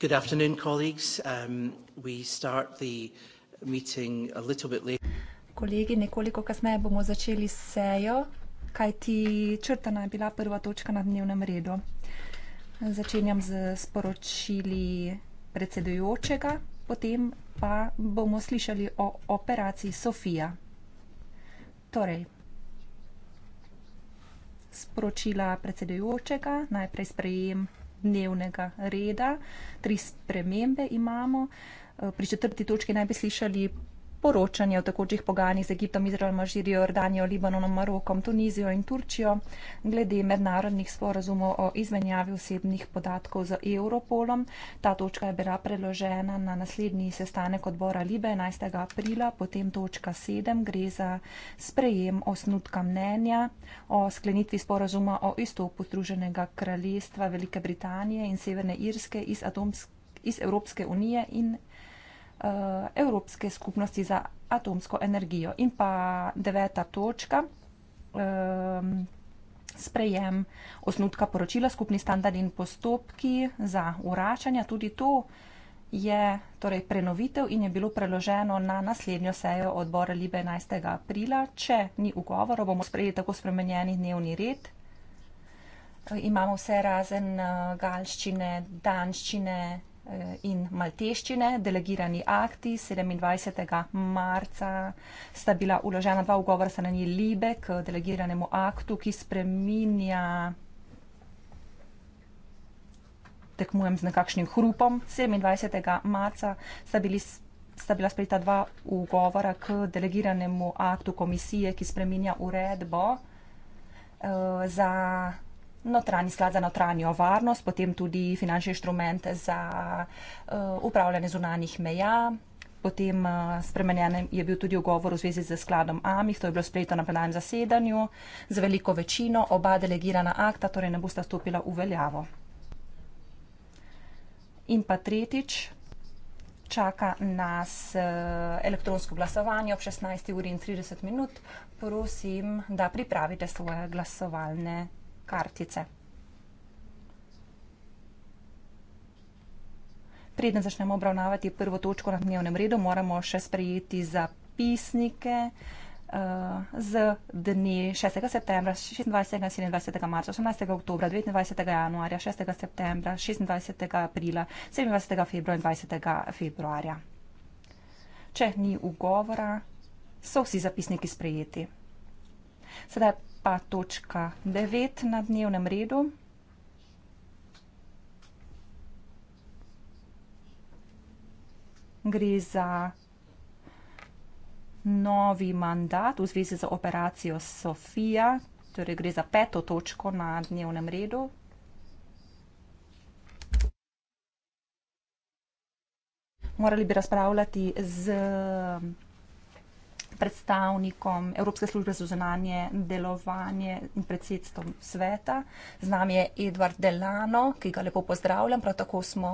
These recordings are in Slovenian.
Good afternoon, colleagues. Um, we start the meeting a little bit later. Kolegi, nekoliko kasneje bomo začeli sejo, kajti črtana je bila prva točka na dnevnem redu. Začenjam z sporočili predsedujočega, potem pa bomo slišali o operaciji Sofija. Torej, sporočila predsedujočega, najprej sprejem dnevnega reda. Tri spremembe imamo. Pri četrti točki naj bi slišali poročanje o tekočih pogajanjih z Egiptom, Izraelom, Žirijo, Jordanijo, Libanonom, Marokom, Tunizijo in Turčijo glede mednarodnih sporazumov o izmenjavi osebnih podatkov z Europolom. Ta točka je bila preložena na naslednji sestanek odbora Libe 11. aprila, potem točka 7 gre za sprejem osnutka mnenja o sklenitvi sporazuma o izstopu Združenega kraljestva Velike Britanije in Severne Irske iz atomske iz Evropske unije in Eh, Evropske skupnosti za atomsko energijo. In pa deveta točka, um, sprejem osnutka poročila, skupni standard in postopki za uračanja. Tudi to je torej, prenovitev in je bilo preloženo na naslednjo sejo odbora Libe 11. aprila. Če ni ugovorov, bomo sprejeli tako spremenjeni dnevni red. E, imamo vse razen e, galščine, danščine, Eh, in malteščine. Delegirani akti 27. marca sta bila uložena dva ugovora strani Libe k delegiranemu aktu, ki spreminja. Tekmujem z nekakšnim hrupom. 27. marca sta, bili, sta bila sprejeta dva ugovora k delegiranemu aktu komisije, ki spreminja uredbo uh, za notranji sklad za notranjo varnost, potem tudi finančni inštrument za eh, upravljanje zunanjih meja. Potem eh, spremenjen je bil tudi ugovor v zvezi z skladom AMIF, to je bilo sprejeto na plenarnem zasedanju, z veliko večino oba delegirana akta, torej ne bosta stopila v veljavo. In pa tretjič, čaka nas eh, elektronsko glasovanje ob 16.30. Prosim, da pripravite svoje glasovalne kartice. Preden začnemo obravnavati prvo točko na dnevnem redu, moramo še sprejeti zapisnike eh, z dne 6. septembra, 26. in 27. marca, 18. oktobra, 29. januarja, 6. septembra, 26. aprila, 27. februarja in 20. februarja. Če ni ugovora, so vsi zapisniki sprejeti. Sedaj pa točka 9 na dnevnem redu. Gre za novi mandat v zvezi z operacijo Sofija, torej gre za peto točko na dnevnem redu. Morali bi razpravljati z predstavnikom Evropske službe za zunanje delovanje in predsedstvom sveta. Z nami je Edvard Delano, ki ga lepo pozdravljam. Prav tako smo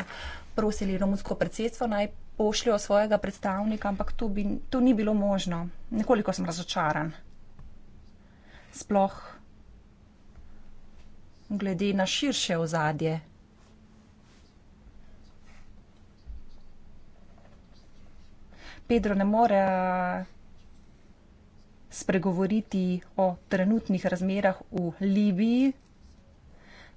prosili romunsko predsedstvo naj pošljo svojega predstavnika, ampak to, bi, to ni bilo možno. Nekoliko sem razočaran. Sploh glede na širše ozadje. Pedro ne more spregovoriti o trenutnih razmerah v Libiji,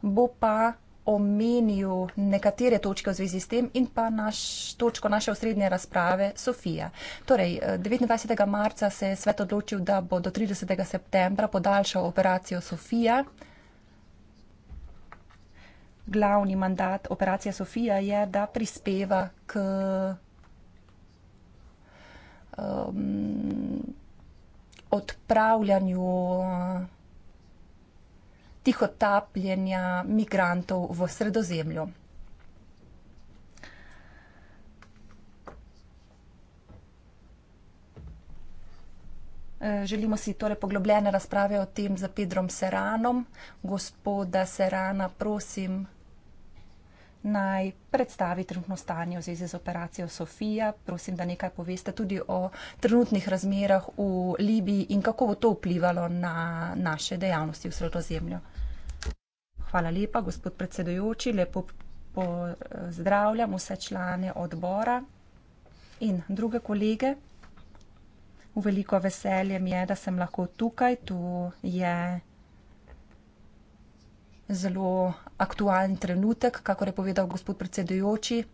bo pa omenil nekatere točke v zvezi s tem in pa naš, točko naše osrednje razprave, Sofija. Torej, 29. Eh, marca se je svet odločil, da bo do 30. septembra podaljšal operacijo Sofija. Glavni mandat operacije Sofija je, da prispeva k. Um, odpravljanju eh, tihotapljenja migrantov v sredozemlju. Eh, želimo si torej poglobljene razprave o tem z Pedrom Seranom. Gospoda Serana, prosim naj predstavi trenutno stanje v zvezi z operacijo Sofija. Prosim, da nekaj poveste tudi o trenutnih razmerah v Libiji in kako bo to vplivalo na naše dejavnosti v sredozemlju. Hvala lepa, gospod predsedujoči. Lepo pozdravljam vse člane odbora in druge kolege. V veliko veselje mi je, da sem lahko tukaj. Tu je zelo aktualen trenutek, kako je povedal gospod predsedujoči.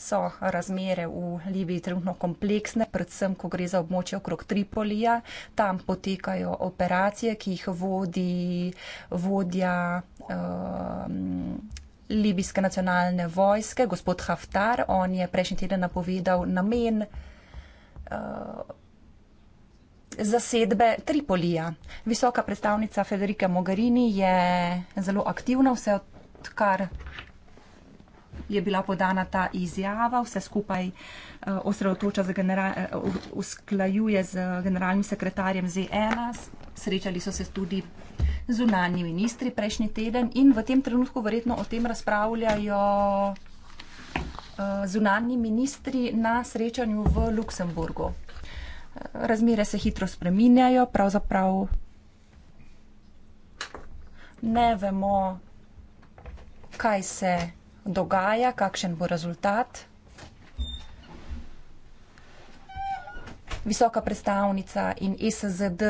So razmere v Libiji trenutno kompleksne, predvsem, ko gre za območje okrog Tripolija. Tam potekajo operacije, ki jih vodi vodja uh, Libijske nacionalne vojske, gospod Haftar. On je prejšnji teden napovedal namen uh, zasedbe Tripolija. Visoka predstavnica Federike Mogherini je zelo aktivna, vse odkar je bila podana ta izjava, vse skupaj eh, osredotoča, eh, usklajuje z generalnim sekretarjem ZNA. Srečali so se tudi zunani ministri prejšnji teden in v tem trenutku verjetno o tem razpravljajo eh, zunani ministri na srečanju v Luksemburgu razmere se hitro spreminjajo, pravzaprav ne vemo, kaj se dogaja, kakšen bo rezultat. Visoka predstavnica in SZD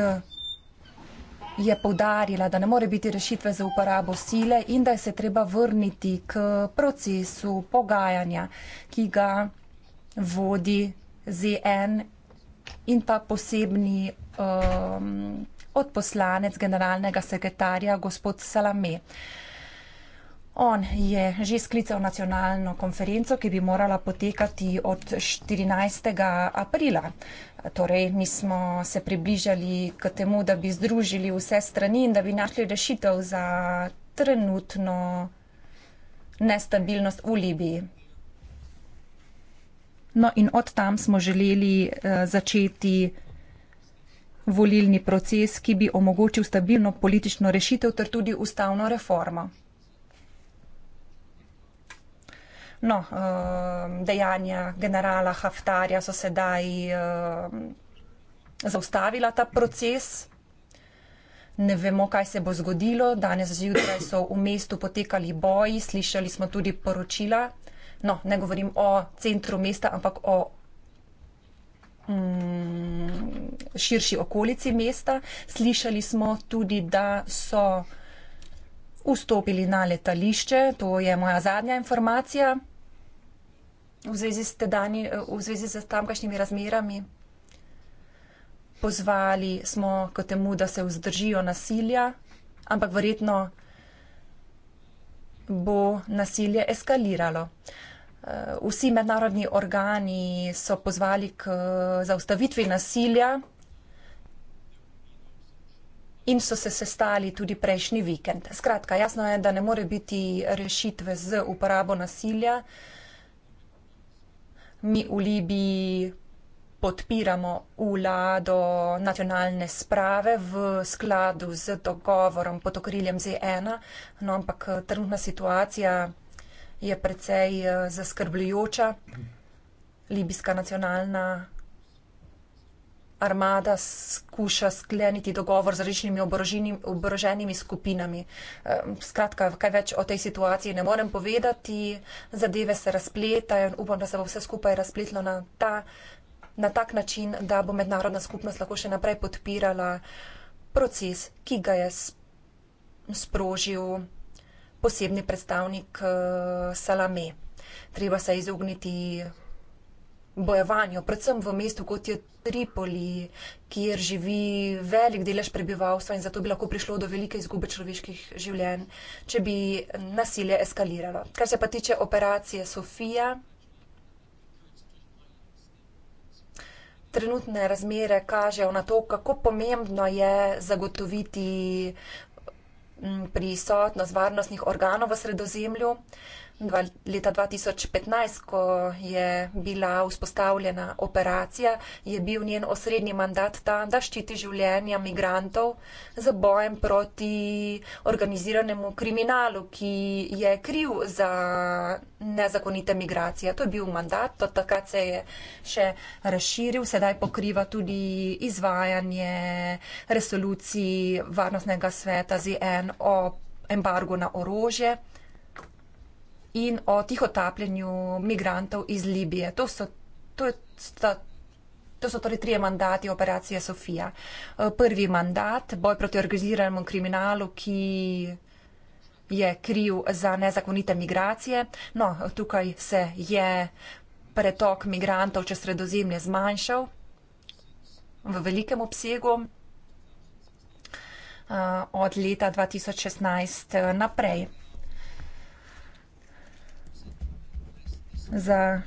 je povdarila, da ne more biti rešitve za uporabo sile in da se treba vrniti k procesu pogajanja, ki ga vodi ZN in pa posebni um, odposlanec generalnega sekretarja gospod Salame. On je že sklical nacionalno konferenco, ki bi morala potekati od 14. aprila. Torej, mi smo se približali k temu, da bi združili vse strani in da bi našli rešitev za trenutno nestabilnost v Libiji. No in od tam smo želeli eh, začeti volilni proces, ki bi omogočil stabilno politično rešitev ter tudi ustavno reformo. No, eh, dejanja generala Haftarja so sedaj eh, zaustavila ta proces. Ne vemo, kaj se bo zgodilo. Danes zjutraj so v mestu potekali boji, slišali smo tudi poročila no, ne govorim o centru mesta, ampak o mm, širši okolici mesta. Slišali smo tudi, da so vstopili na letališče. To je moja zadnja informacija v zvezi s, tedani, v zvezi s tamkajšnjimi razmerami. Pozvali smo k temu, da se vzdržijo nasilja, ampak verjetno bo nasilje eskaliralo. Eh, vsi mednarodni organi so pozvali k eh, zaustavitvi nasilja in so se sestali tudi prejšnji vikend. Skratka, jasno je, da ne more biti rešitve z uporabo nasilja. Mi v Libiji podpiramo vlado nacionalne sprave v skladu z dogovorom pod okriljem ZN, no, ampak eh, trenutna situacija je precej eh, zaskrbljujoča. Libijska nacionalna armada skuša skleniti dogovor z različnimi oboroženimi skupinami. Eh, skratka, kaj več o tej situaciji ne morem povedati. Zadeve se razpletajo in upam, da se bo vse skupaj razpletlo na, ta, na tak način, da bo mednarodna skupnost lahko še naprej podpirala proces, ki ga je sprožil posebni predstavnik eh, Salame. Treba se izogniti bojevanju, predvsem v mestu kot je Tripoli, kjer živi velik delež prebivalstva in zato bi lahko prišlo do velike izgube človeških življenj, če bi nasilje eskaliralo. Kar se pa tiče operacije Sofija, trenutne razmere kažejo na to, kako pomembno je zagotoviti prisotnost varnostnih organov v sredozemlju leta 2015, ko je bila vzpostavljena operacija, je bil njen osrednji mandat ta, da ščiti življenja migrantov za bojem proti organiziranemu kriminalu, ki je kriv za nezakonite migracije. To je bil mandat, to takrat se je še razširil, sedaj pokriva tudi izvajanje resolucij Varnostnega sveta ZN o embargo na orožje in o tihotapljenju migrantov iz Libije. To so, to, sta, to so torej trije mandati operacije Sofija. Eh, prvi mandat, boj proti organiziranemu kriminalu, ki je kriv za nezakonite migracije. No, tukaj se je pretok migrantov čez sredozemlje zmanjšal v velikem obsegu eh, od leta 2016 eh, naprej. za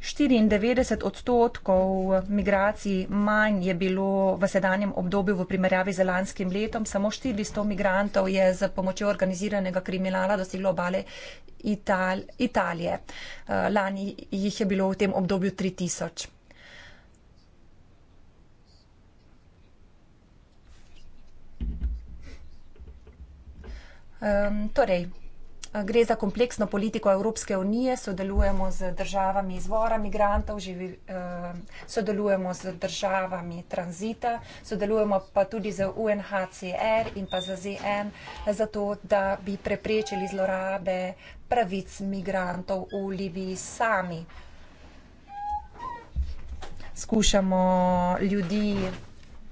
94 odstotkov migracij manj je bilo v sedanjem obdobju v primerjavi z lanskim letom. Samo 400 migrantov je z pomočjo organiziranega kriminala dosilo obale Ital Italije. Eh, lani jih je bilo v tem obdobju 3000. Um, ehm, torej, Eh, gre za kompleksno politiko Evropske unije, sodelujemo z državami izvora migrantov, živi, eh, sodelujemo z državami tranzita, sodelujemo pa tudi z UNHCR in pa z ZN, zato da bi preprečili zlorabe pravic migrantov v Libiji sami. Skušamo ljudi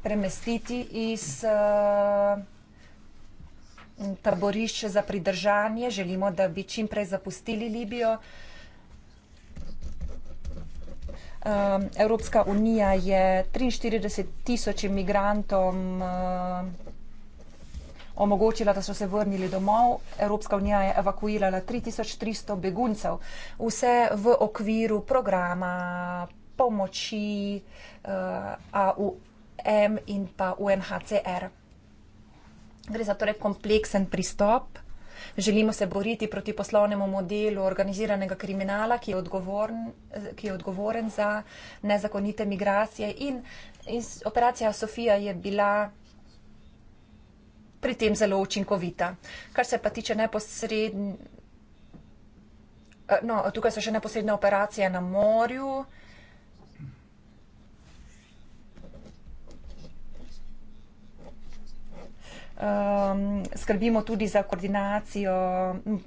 premestiti iz uh, taborišče za pridržanje, želimo, da bi čim prej zapustili Libijo. Um, Evropska unija je 43 tisoč imigrantom uh, omogočila, da so se vrnili domov. Evropska unija je evakuirala 3300 beguncev. Vse v okviru programa pomoči uh, AUM in pa UNHCR. Gre za torej kompleksen pristop. Želimo se boriti proti poslovnemu modelu organiziranega kriminala, ki je odgovoren, ki je odgovoren za nezakonite migracije. In, in operacija Sofija je bila pri tem zelo učinkovita. Kar se pa tiče neposrednje, eh, no, tukaj so še neposredne operacije na morju. um, skrbimo tudi za koordinacijo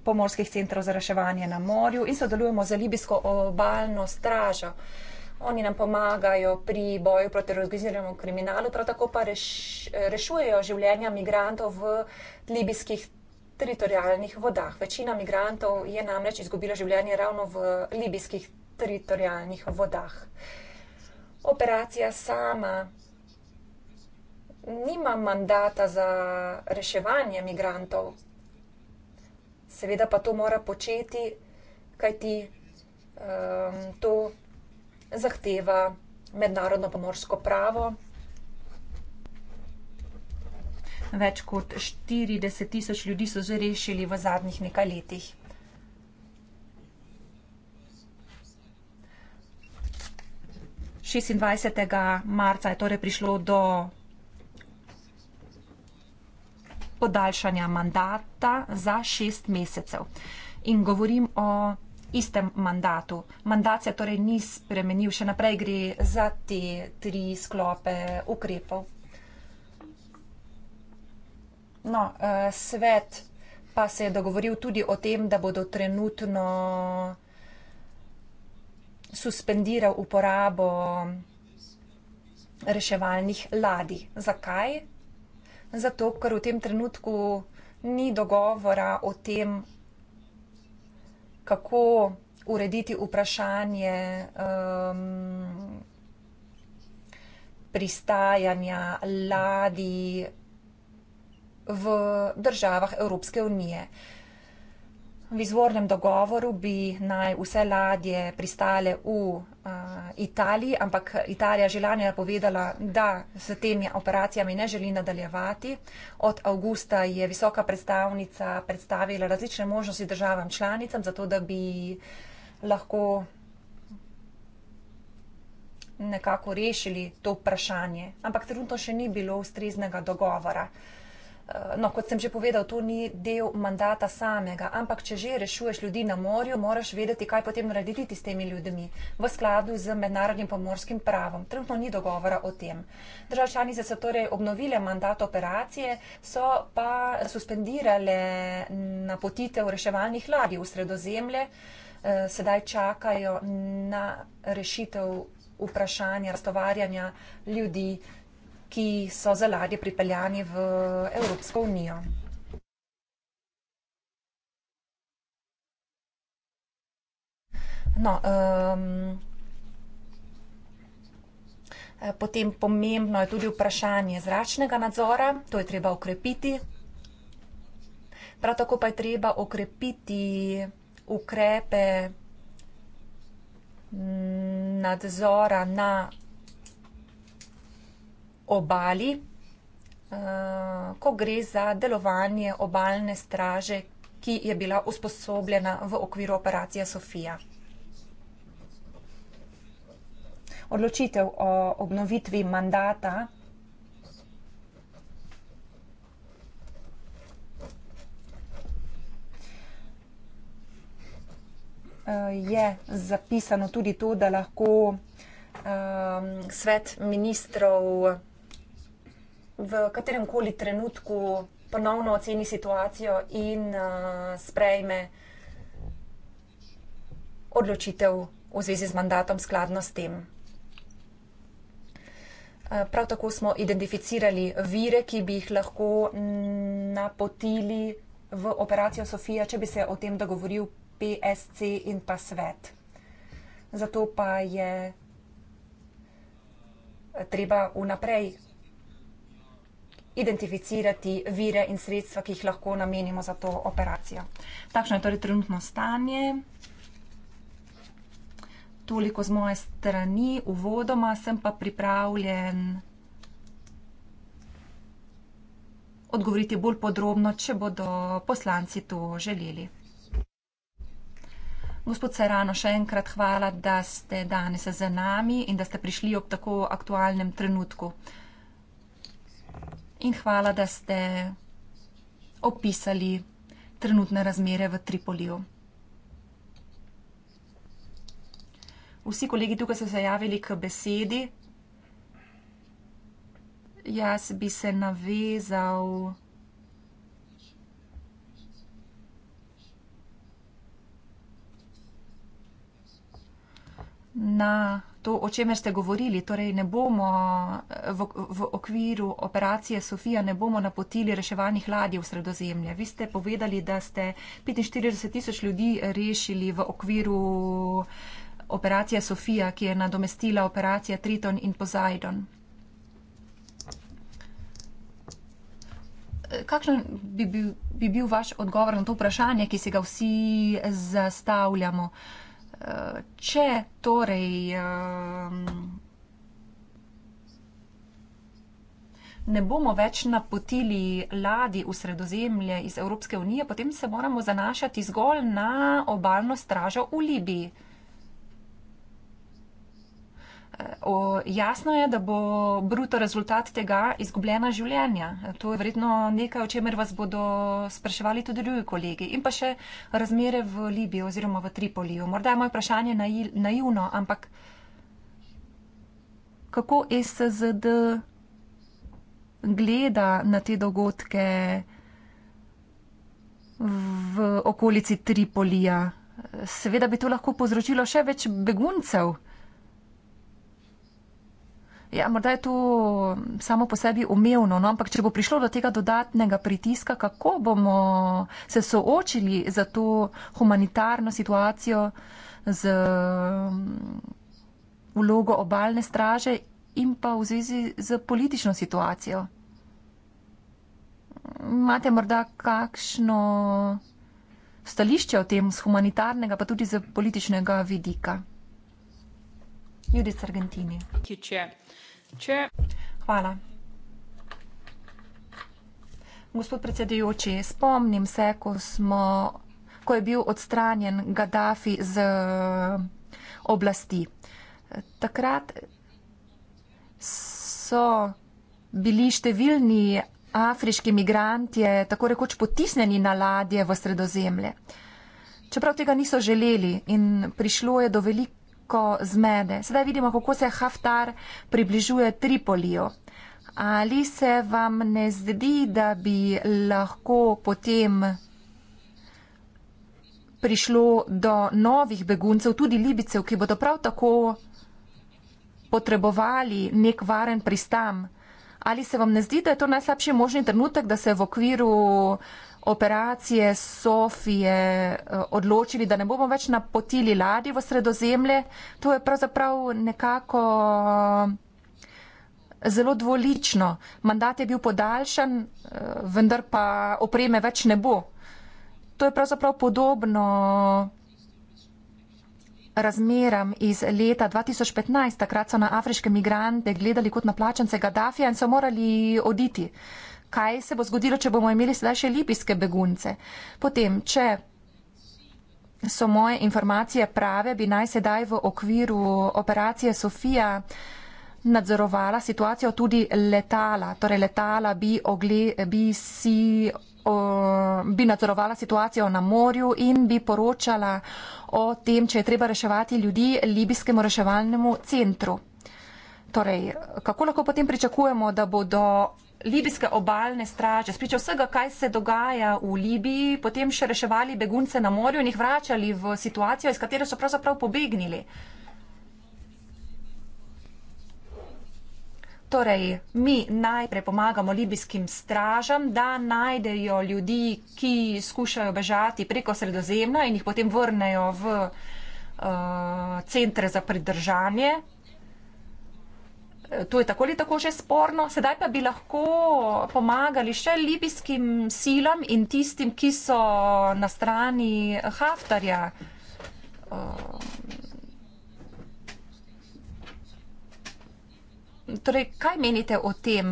pomorskih centrov za reševanje na morju in sodelujemo za libijsko obalno stražo. Oni nam pomagajo pri boju proti organiziranemu kriminalu, prav tako pa reš, rešujejo življenja migrantov v libijskih teritorijalnih vodah. Večina migrantov je namreč izgubila življenje ravno v libijskih teritorijalnih vodah. Operacija sama nima mandata za reševanje migrantov. Seveda pa to mora početi, kajti um, to zahteva mednarodno pomorsko pravo. Več kot 40 tisoč ljudi so že rešili v zadnjih nekaj letih. Šestindvajsetega marca je torej prišlo do podaljšanja mandata za šest mesecev. In govorim o istem mandatu. Mandat se torej ni spremenil, še naprej gre za te tri sklope ukrepov. No, eh, svet pa se je dogovoril tudi o tem, da bodo trenutno suspendiral uporabo reševalnih ladij. Zakaj? zato ker v tem trenutku ni dogovora o tem, kako urediti vprašanje um, pristajanja ladij v državah Evropske unije. Uh, V izvornem dogovoru bi naj vse ladje pristale v uh, Italiji, ampak Italija že lani je povedala, da s temi operacijami ne želi nadaljevati. Od avgusta je visoka predstavnica predstavila različne možnosti državam članicam, zato da bi lahko nekako rešili to vprašanje. Ampak trenutno še ni bilo ustreznega dogovora. Uh, Eh, no, kot sem že povedal, to ni del mandata samega, ampak če že rešuješ ljudi na morju, moraš vedeti, kaj potem narediti s temi ljudmi v skladu z mednarodnim pomorskim pravom. Trenutno ni dogovora o tem. Države članice so torej obnovile mandat operacije, so pa suspendirale napotitev reševalnih ladij v sredozemlje, eh, sedaj čakajo na rešitev vprašanja raztovarjanja ljudi ki so za ladje pripeljani v Evropsko unijo. No, um, potem pomembno je tudi vprašanje zračnega nadzora, to je treba okrepiti. Prav tako pa je treba okrepiti ukrepe nadzora na obali, eh, ko gre za delovanje obalne straže, ki je bila usposobljena v okviru operacije Sofija. Odločitev o obnovitvi mandata je zapisano tudi to, da lahko ehm, svet ministrov v katerem koli trenutku ponovno oceni situacijo in uh, sprejme odločitev v zvezi z mandatom skladno s tem. Eh, prav tako smo identificirali vire, ki bi jih lahko mm, napotili v operacijo Sofija, če bi se o tem dogovoril PSC in pa svet. Zato pa je treba vnaprej identificirati vire in sredstva, ki jih lahko namenimo za to operacijo. Takšno je torej trenutno stanje. Toliko z moje strani, uvodoma sem pa pripravljen odgovoriti bolj podrobno, če bodo poslanci to želeli. Gospod Serano, še enkrat hvala, da ste danes z nami in da ste prišli ob tako aktualnem trenutku in hvala, da ste opisali trenutne razmere v Tripoliju. Vsi kolegi tukaj so se javili k besedi. Jaz bi se navezal. na to, o čemer ste govorili. Torej, ne bomo eh, v, v okviru operacije Sofija ne bomo napotili reševalnih ladij v sredozemlje. Vi ste povedali, da ste 45 tisoč ljudi rešili v okviru eh, operacije Sofija, ki je nadomestila operacije Triton in Poseidon. Eh, kakšen bi bil, bi bil vaš odgovor na to vprašanje, ki se ga vsi zastavljamo? Uh, če torej ehm, ne bomo več napotili ladi v sredozemlje iz Evropske unije, potem se moramo zanašati zgolj na obalno stražo v Libiji o, jasno je, da bo bruto rezultat tega izgubljena življenja. To je vredno nekaj, o čemer vas bodo spraševali tudi drugi kolegi. In pa še razmere v Libiji oziroma v Tripoliju. Morda je moje vprašanje naivno, ampak kako SZD gleda na te dogodke v okolici Tripolija? Seveda bi to lahko povzročilo še več beguncev. Ja, morda je to mm, samo po sebi umevno, no? ampak če bo prišlo do tega dodatnega pritiska, kako bomo se soočili za to humanitarno situacijo z mm, vlogo obalne straže in pa v zvezi z politično situacijo? Mm, imate morda kakšno stališče o tem z humanitarnega, pa tudi z političnega vidika? Judith Argentini. Thank you, Chair. Če. Hvala. Gospod predsedujoči, spomnim se, ko, smo, ko je bil odstranjen Gaddafi z oblasti. Takrat so bili številni afriški migranti tako rekoč potisnjeni na ladje v sredozemlje. Čeprav tega niso želeli in prišlo je do veliko veliko zmede. Sedaj vidimo, kako se Haftar približuje Tripolijo. Ali se vam ne zdi, da bi lahko potem prišlo do novih beguncev, tudi Libicev, ki bodo prav tako potrebovali nek varen pristam? Ali se vam ne zdi, da je to najslabši možni trenutek, da se v okviru operacije Sofije eh, odločili, da ne bomo več napotili ladi v sredozemlje. To je pravzaprav nekako eh, zelo dvolično. Mandat je bil podaljšan, eh, vendar pa opreme več ne bo. To je pravzaprav podobno razmeram iz leta 2015. Takrat so na afriške migrante gledali kot na plačance Gaddafija in so morali oditi kaj se bo zgodilo, če bomo imeli sedaj še libijske begunce. Potem, če so moje informacije prave, bi naj sedaj v okviru operacije Sofija nadzorovala situacijo tudi letala. Torej letala bi, ogle, bi, si, o, bi nadzorovala situacijo na morju in bi poročala o tem, če je treba reševati ljudi libijskemu reševalnemu centru. Torej, kako lahko potem pričakujemo, da bodo libijske obalne straže, spričo vsega, kaj se dogaja v Libiji, potem še reševali begunce na morju in jih vračali v situacijo, iz katere so pravzaprav pobegnili. Torej, mi najprej pomagamo libijskim stražam, da najdejo ljudi, ki skušajo bežati preko sredozemlja in jih potem vrnejo v uh, centre za pridržanje, to je tako ali tako že sporno. Sedaj pa bi lahko pomagali še libijskim silam in tistim, ki so na strani Haftarja. Ehm, torej, kaj menite o tem?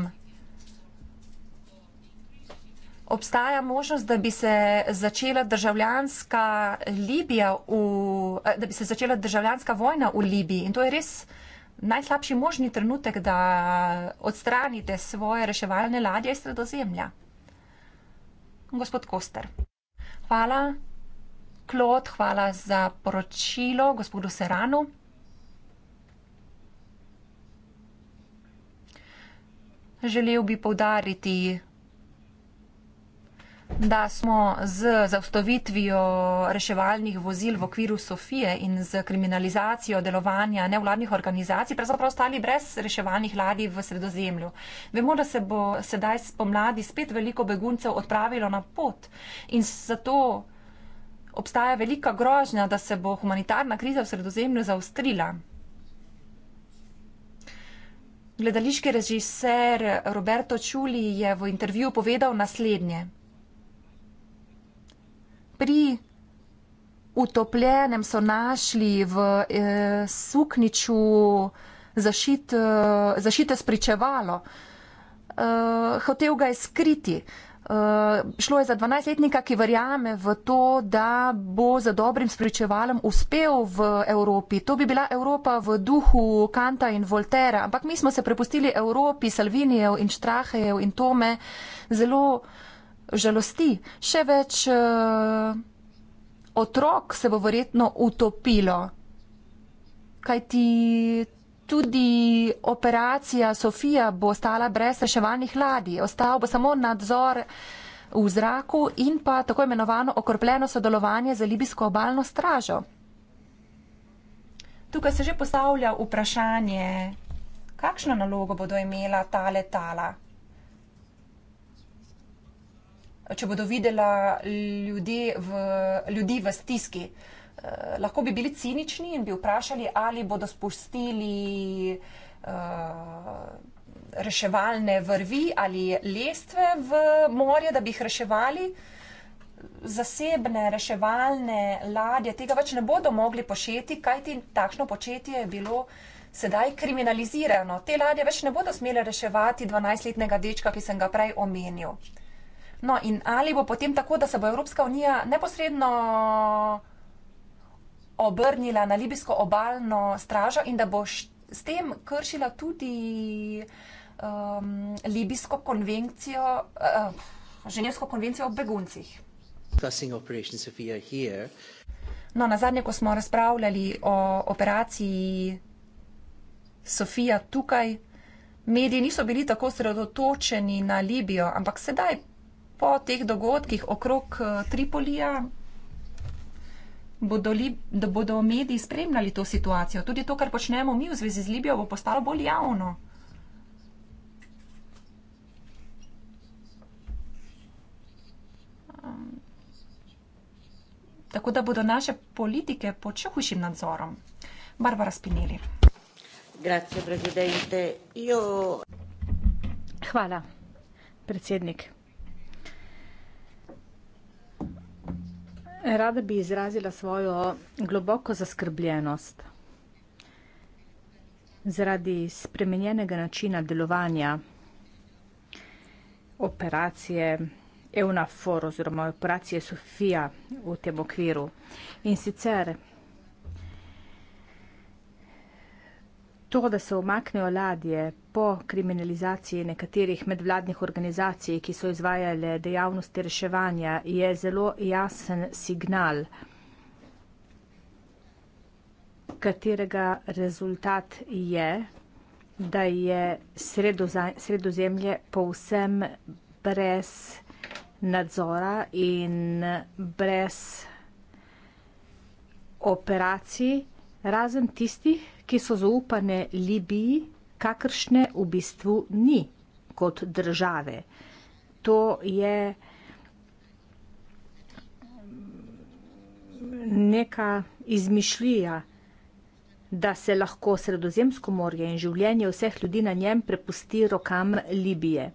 Obstaja možnost, da bi se začela državljanska Libija v, eh, da bi se začela državljanska vojna v Libiji in to je res najslabši možni trenutek, da odstranite svoje reševalne ladje iz sredozemlja. Gospod Koster. Hvala, Klod, hvala za poročilo gospodu Seranu. Želel bi povdariti da smo z zaustavitvijo reševalnih vozil v okviru Sofije in z kriminalizacijo delovanja nevladnih organizacij pravzaprav ostali brez reševalnih ladij v sredozemlju. Vemo, da se bo sedaj spomladi spet veliko beguncev odpravilo na pot in zato obstaja velika grožnja, da se bo humanitarna kriza v sredozemlju zaustrila. Gledališki režiser Roberto Čuli je v intervjuju povedal naslednje pri utopljenem so našli v eh, sukniču zašit, eh, zašite spričevalo. Eh, hotel ga je skriti. Eh, šlo je za 12-letnika, ki verjame v to, da bo z dobrim spričevalom uspel v Evropi. To bi bila Evropa v duhu Kanta in Voltera. Ampak mi smo se prepustili Evropi, Salvinijev in Štrahejev in tome zelo žalosti, še več eh, otrok se bo verjetno utopilo, kaj ti tudi operacija Sofija bo ostala brez reševalnih ladij, ostal bo samo nadzor v zraku in pa tako imenovano okrepljeno sodelovanje za libijsko obalno stražo. Tukaj se že postavlja vprašanje, kakšno nalogo bodo imela ta letala če bodo videla v, ljudi v stiski. Eh, lahko bi bili cinični in bi vprašali, ali bodo spustili uh, reševalne vrvi ali lestve v morje, da bi jih reševali. Zasebne reševalne ladje tega več ne bodo mogli početi, kajti takšno početje je bilo sedaj kriminalizirano. Te ladje več ne bodo smele reševati 12-letnega dečka, ki sem ga prej omenil. No, in ali bo potem tako, da se bo Evropska unija neposredno obrnila na libijsko obalno stražo in da bo s tem kršila tudi um, libijsko konvencijo, uh, ženevsko konvencijo o beguncih. No, na zadnje, ko smo razpravljali o operaciji Sofija tukaj, mediji niso bili tako sredotočeni na Libijo, ampak sedaj po teh dogodkih okrog eh, Tripolija bodo, li, da bodo mediji spremljali to situacijo. Tudi to, kar počnemo mi v zvezi z Libijo, bo postalo bolj javno. Ehm, tako da bodo naše politike pod še hujšim nadzorom. Barbara Spinelli. Grazie, Hvala, predsednik. Rada bi izrazila svojo globoko zaskrbljenost zaradi spremenjenega načina delovanja operacije EUNAFOR oziroma operacije SOFIA v tem okviru. In sicer To, da se omaknejo ladje po kriminalizaciji nekaterih medvladnih organizacij, ki so izvajale dejavnosti reševanja, je zelo jasen signal, katerega rezultat je, da je sredozemlje povsem brez nadzora in brez operacij razen tistih, ki so zaupane Libiji, kakršne v bistvu ni kot države. To je neka izmišljija, da se lahko sredozemsko morje in življenje vseh ljudi na njem prepusti rokam Libije.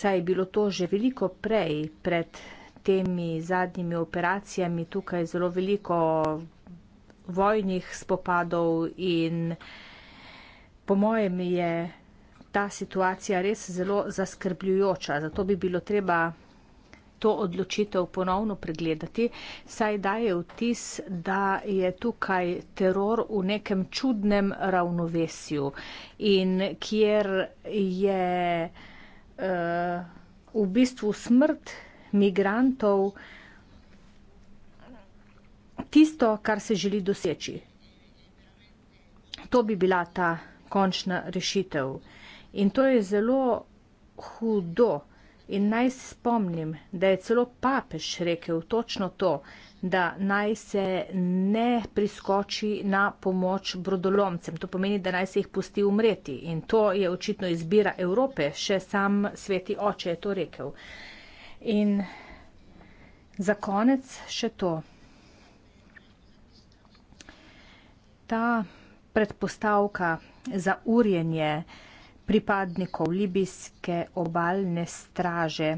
Saj je bilo to že veliko prej, pred temi zadnjimi operacijami tukaj zelo veliko vojnih spopadov in po mojem je ta situacija res zelo zaskrbljujoča. Zato bi bilo treba to odločitev ponovno pregledati, saj daje vtis, da je tukaj teror v nekem čudnem ravnovesju in kjer je uh, v bistvu smrt migrantov tisto, kar se želi doseči. To bi bila ta končna rešitev. In to je zelo hudo. In naj spomnim, da je celo papež rekel točno to, da naj se ne priskoči na pomoč brodolomcem. To pomeni, da naj se jih pusti umreti. In to je očitno izbira Evrope, še sam sveti oče je to rekel. Uh, In za konec še to. Ta predpostavka za urjenje pripadnikov libijske obalne straže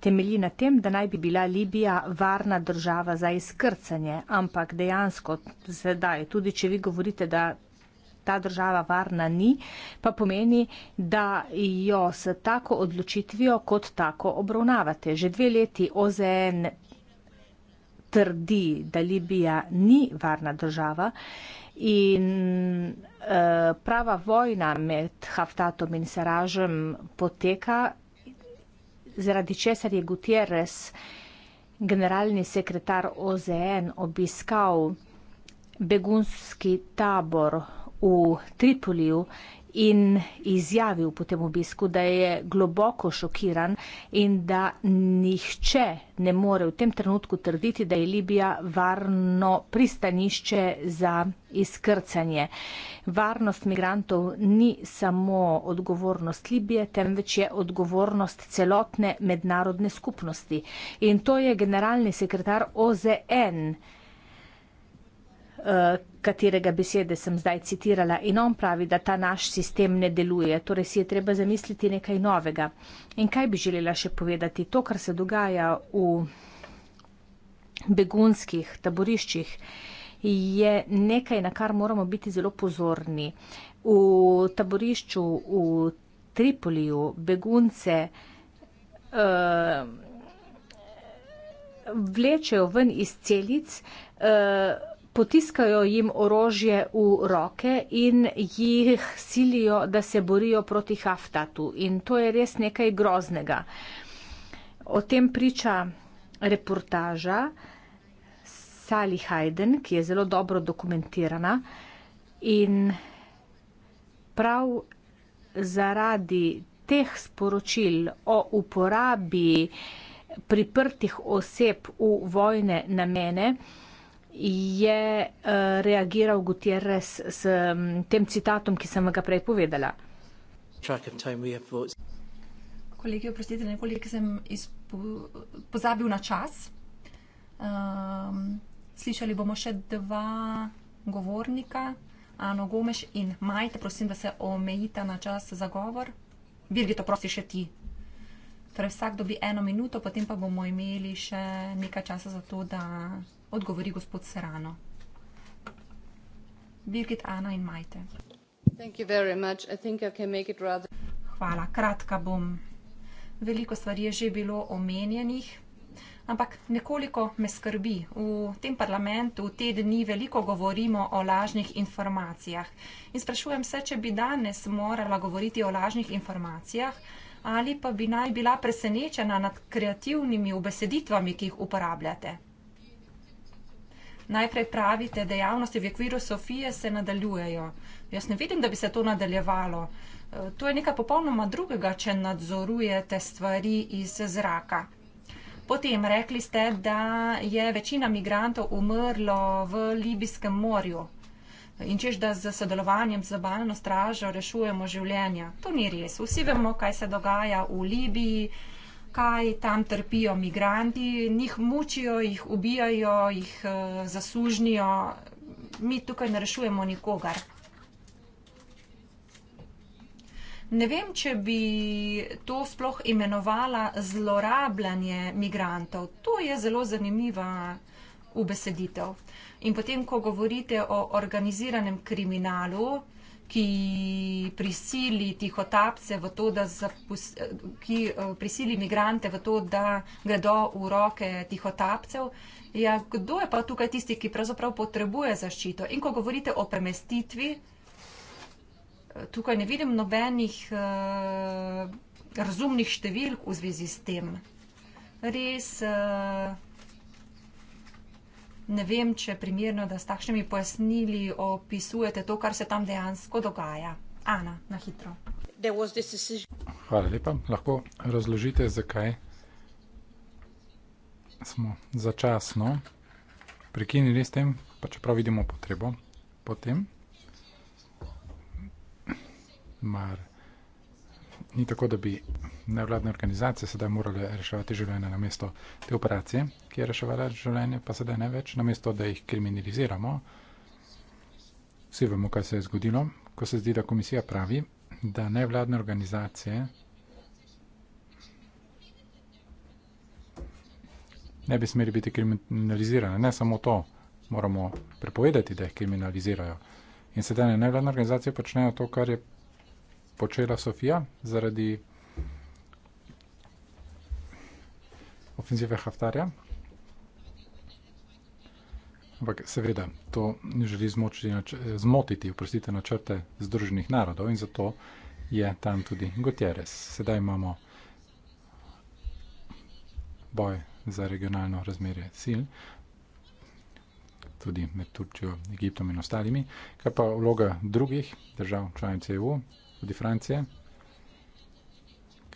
temelji na tem, da naj bi bila Libija varna država za izkrcanje, ampak dejansko sedaj, tudi če vi govorite, da ta država varna ni, pa pomeni, da jo s tako odločitvijo kot tako obravnavate. Že dve leti OZN trdi, da Libija ni varna država in eh, prava vojna med Haftatom in Saražem poteka, zaradi česar je Gutierrez, generalni sekretar OZN, obiskal begunski tabor v Tripoliju in izjavil po tem obisku, da je globoko šokiran in da nihče ne more v tem trenutku trditi, da je Libija varno pristanišče za izkrcanje. Varnost migrantov ni samo odgovornost Libije, temveč je odgovornost celotne mednarodne skupnosti. In to je generalni sekretar OZN Eh, katerega besede sem zdaj citirala in on pravi, da ta naš sistem ne deluje, torej si je treba zamisliti nekaj novega. In kaj bi želela še povedati? To, kar se dogaja v begunskih taboriščih, je nekaj, na kar moramo biti zelo pozorni. V taborišču v Tripoliju begunce uh, vlečejo ven iz celic. Uh, potiskajo jim orožje v roke in jih silijo, da se borijo proti Haftatu. In to je res nekaj groznega. O tem priča reportaža Sally Hayden, ki je zelo dobro dokumentirana in prav zaradi teh sporočil o uporabi priprtih oseb v vojne namene, je uh, reagiral Gutierrez s um, tem citatom, ki sem ga prej povedala. Kolegi, oprostite, nekoliko sem izpo, pozabil na čas. Um, slišali bomo še dva govornika, Ano Gomeš in Majte, prosim, da se omejita na čas za govor. Birgito, prosi še ti. Torej vsak dobi eno minuto, potem pa bomo imeli še nekaj časa za to, da odgovori gospod Serrano. Birgit, Ana in Majte. Hvala, kratka bom. Veliko stvari je že bilo omenjenih, ampak nekoliko me skrbi. V tem parlamentu te dni veliko govorimo o lažnih informacijah. In sprašujem se, če bi danes morala govoriti o lažnih informacijah ali pa bi naj bila presenečena nad kreativnimi ubeseditvami, ki jih uporabljate najprej pravite, dejavnosti v okviru Sofije se nadaljujejo. Jaz ne vidim, da bi se to nadaljevalo. Eh, to je nekaj popolnoma drugega, če nadzorujete stvari iz zraka. Potem rekli ste, da je večina migrantov umrlo v Libijskem morju in češ, da z sodelovanjem z obalno stražo rešujemo življenja. To ni res. Vsi vemo, kaj se dogaja v Libiji kaj tam trpijo migranti, njih mučijo, jih ubijajo, jih eh, zasužnijo. Mi tukaj ne rešujemo nikogar. Ne vem, če bi to sploh imenovala zlorabljanje migrantov. To je zelo zanimiva ubeseditev. In potem, ko govorite o organiziranem kriminalu, ki prisili tihotapce v to, da zapus, ki eh, prisili imigrante v to, da gredo v roke tihotapcev. Ja, kdo je pa tukaj tisti, ki pravzaprav potrebuje zaščito? In ko govorite o premestitvi, eh, tukaj ne vidim nobenih uh, razumnih številk v zvezi s tem. Res. Uh, ne vem, če je primerno, da s takšnimi pojasnili opisujete to, kar se tam dejansko dogaja. Ana, na hitro. Hvala lepa. Lahko razložite, zakaj smo začasno prekinili s tem, pa čeprav vidimo potrebo potem. Mar ni tako, da bi nevladne organizacije sedaj morale reševati življenje na mesto te operacije, ki je reševala življenje, pa sedaj ne več, na mesto, da jih kriminaliziramo. Vsi vemo, kaj se je zgodilo, ko se zdi, da komisija pravi, da nevladne organizacije ne bi smeli biti kriminalizirane. Ne samo to, moramo prepovedati, da jih kriminalizirajo. In sedaj nevladne organizacije počnejo to, kar je počela Sofija zaradi ofenzive Haftarja. Ampak seveda to ne želi zmočiti, zmotiti, oprostite, načrte Združenih narodov in zato je tam tudi Gutierrez. Sedaj imamo boj za regionalno razmerje sil, tudi med Turčijo, Egiptom in ostalimi, kar pa vloga drugih držav članic EU tudi Francije,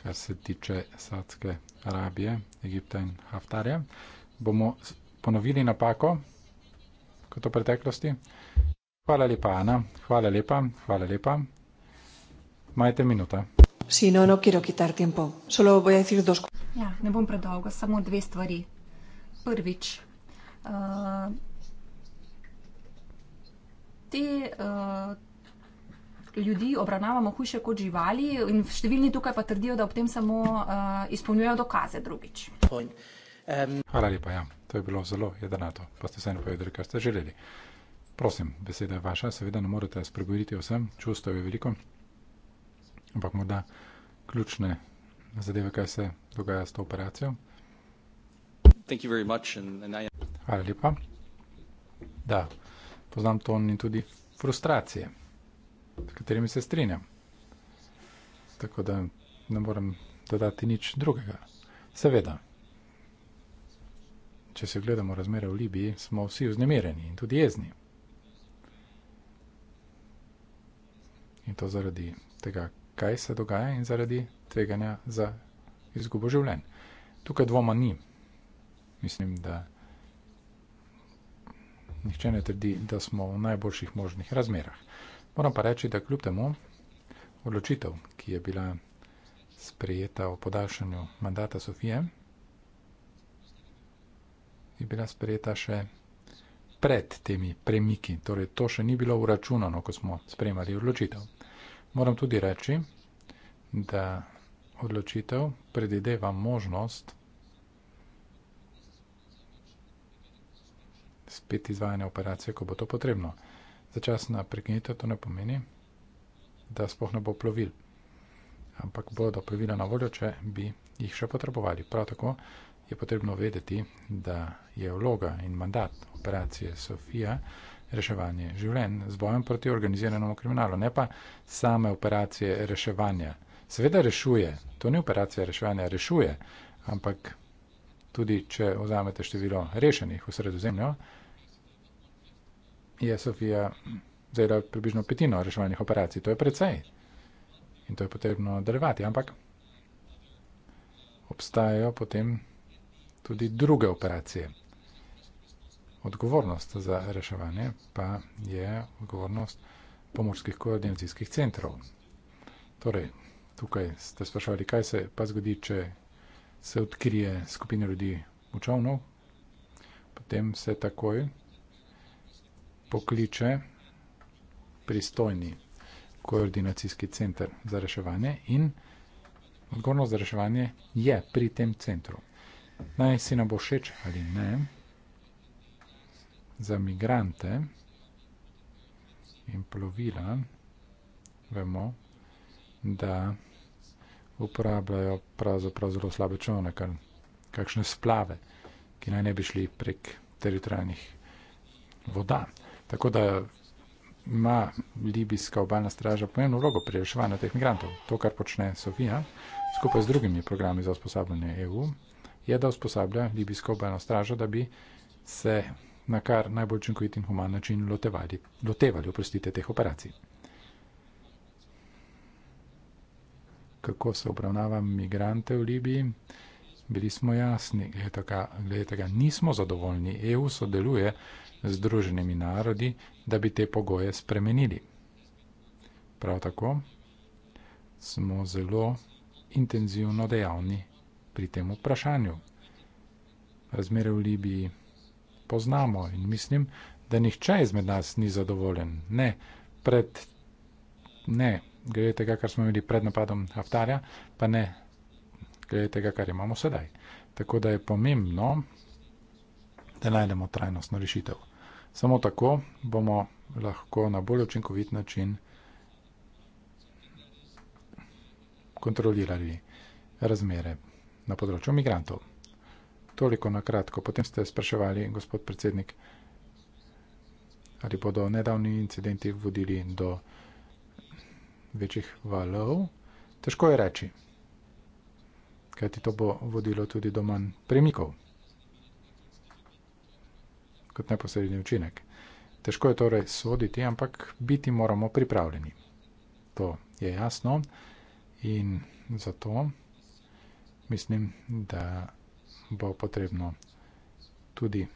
kar se tiče Sadske Arabije, Egipta in Haftarja, bomo ponovili napako kot v preteklosti. Hvala lepa, Ana. Hvala lepa. Hvala lepa. Majte minuto. Sí, no, no quiero quitar tiempo. Solo voy a decir dos cosas. Ja, ne bom predolgo, samo dve stvari. Prvič, uh, te, uh, ljudi obravnavamo hujše kot živali, in številni tukaj pa trdijo, da ob tem samo uh, izpolnjujejo dokaze drugič. Um. Hvala lepa, ja. To je bilo zelo jedrnato, pa ste vseeno povedali, kar ste želeli. Prosim, beseda je vaša, seveda ne morete spregovoriti o vsem, čustev je veliko, ampak morda ključne zadeve, kaj se dogaja s to operacijo. Much, and, and I... Hvala lepa. Da, poznam ton in tudi frustracije s katerimi se strinjam. Tako da ne moram dodati nič drugega. Seveda, če se gledamo razmere v Libiji, smo vsi vznemirjeni in tudi jezni. In to zaradi tega, kaj se dogaja in zaradi tveganja za izgubo življenj. Tukaj dvoma ni. Mislim, da nihče ne trdi, da smo v najboljših možnih razmerah. Moram pa reči, da kljub temu odločitev, ki je bila sprejeta o podaljšanju mandata Sofije, je bila sprejeta še pred temi premiki. Torej, to še ni bilo uračunano, ko smo sprejemali odločitev. Moram tudi reči, da odločitev predideva možnost spet izvajanja operacije, ko bo to potrebno začasna prekinitev to ne pomeni, da spoh ne bo plovil, ampak bodo plovila na voljo, če bi jih še potrebovali. Prav tako je potrebno vedeti, da je vloga in mandat operacije Sofija reševanje življenj z bojem proti organiziranemu kriminalu, ne pa same operacije reševanja. Seveda rešuje, to ni operacija reševanja, rešuje, ampak tudi če vzamete število rešenih v sredozemlju, je Sofija vzela približno petino reševalnih operacij. To je precej in to je potrebno nadaljevati, ampak obstajajo potem tudi druge operacije. Odgovornost za reševanje pa je odgovornost pomorskih koordinacijskih centrov. Torej, tukaj ste sprašali, kaj se pa zgodi, če se odkrije skupina ljudi v čovnu, potem se takoj pokliče pristojni koordinacijski center za reševanje in odgovornost za reševanje je pri tem centru. Naj si nam bo všeč ali ne, za migrante in plovila vemo, da uporabljajo pravzaprav zelo slabe čovne, kar kakšne splave, ki naj ne bi šli prek teritorijalnih voda. Tako da ima libijska obalna straža pomembno vlogo pri reševanju teh migrantov. To, kar počne Sofija skupaj z drugimi programi za usposabljanje EU, je, da usposablja libijsko obalno stražo, da bi se na kar najbolj učinkovit in human način lotevali, lotevali oprostite, teh operacij. Kako se obravnava migrante v Libiji? Bili smo jasni, glede tega, glede tega nismo zadovoljni. EU sodeluje združenimi narodi, da bi te pogoje spremenili. Prav tako smo zelo intenzivno dejavni pri tem vprašanju. Razmere v Libiji poznamo in mislim, da nihče izmed nas ni zadovoljen. Ne, pred, ne glede tega, kar smo imeli pred napadom Haftarja, pa ne glede tega, kar imamo sedaj. Tako da je pomembno, da najdemo trajnostno rešitev. Samo tako bomo lahko na bolj učinkovit način kontrolirali razmere na področju migrantov. Toliko na kratko. Potem ste spraševali, gospod predsednik, ali bodo nedavni incidenti vodili do večjih valov. Težko je reči, kajti to bo vodilo tudi do manj premikov kot neposredni učinek. Težko je torej soditi, ampak biti moramo pripravljeni. To je jasno in zato mislim, da bo potrebno tudi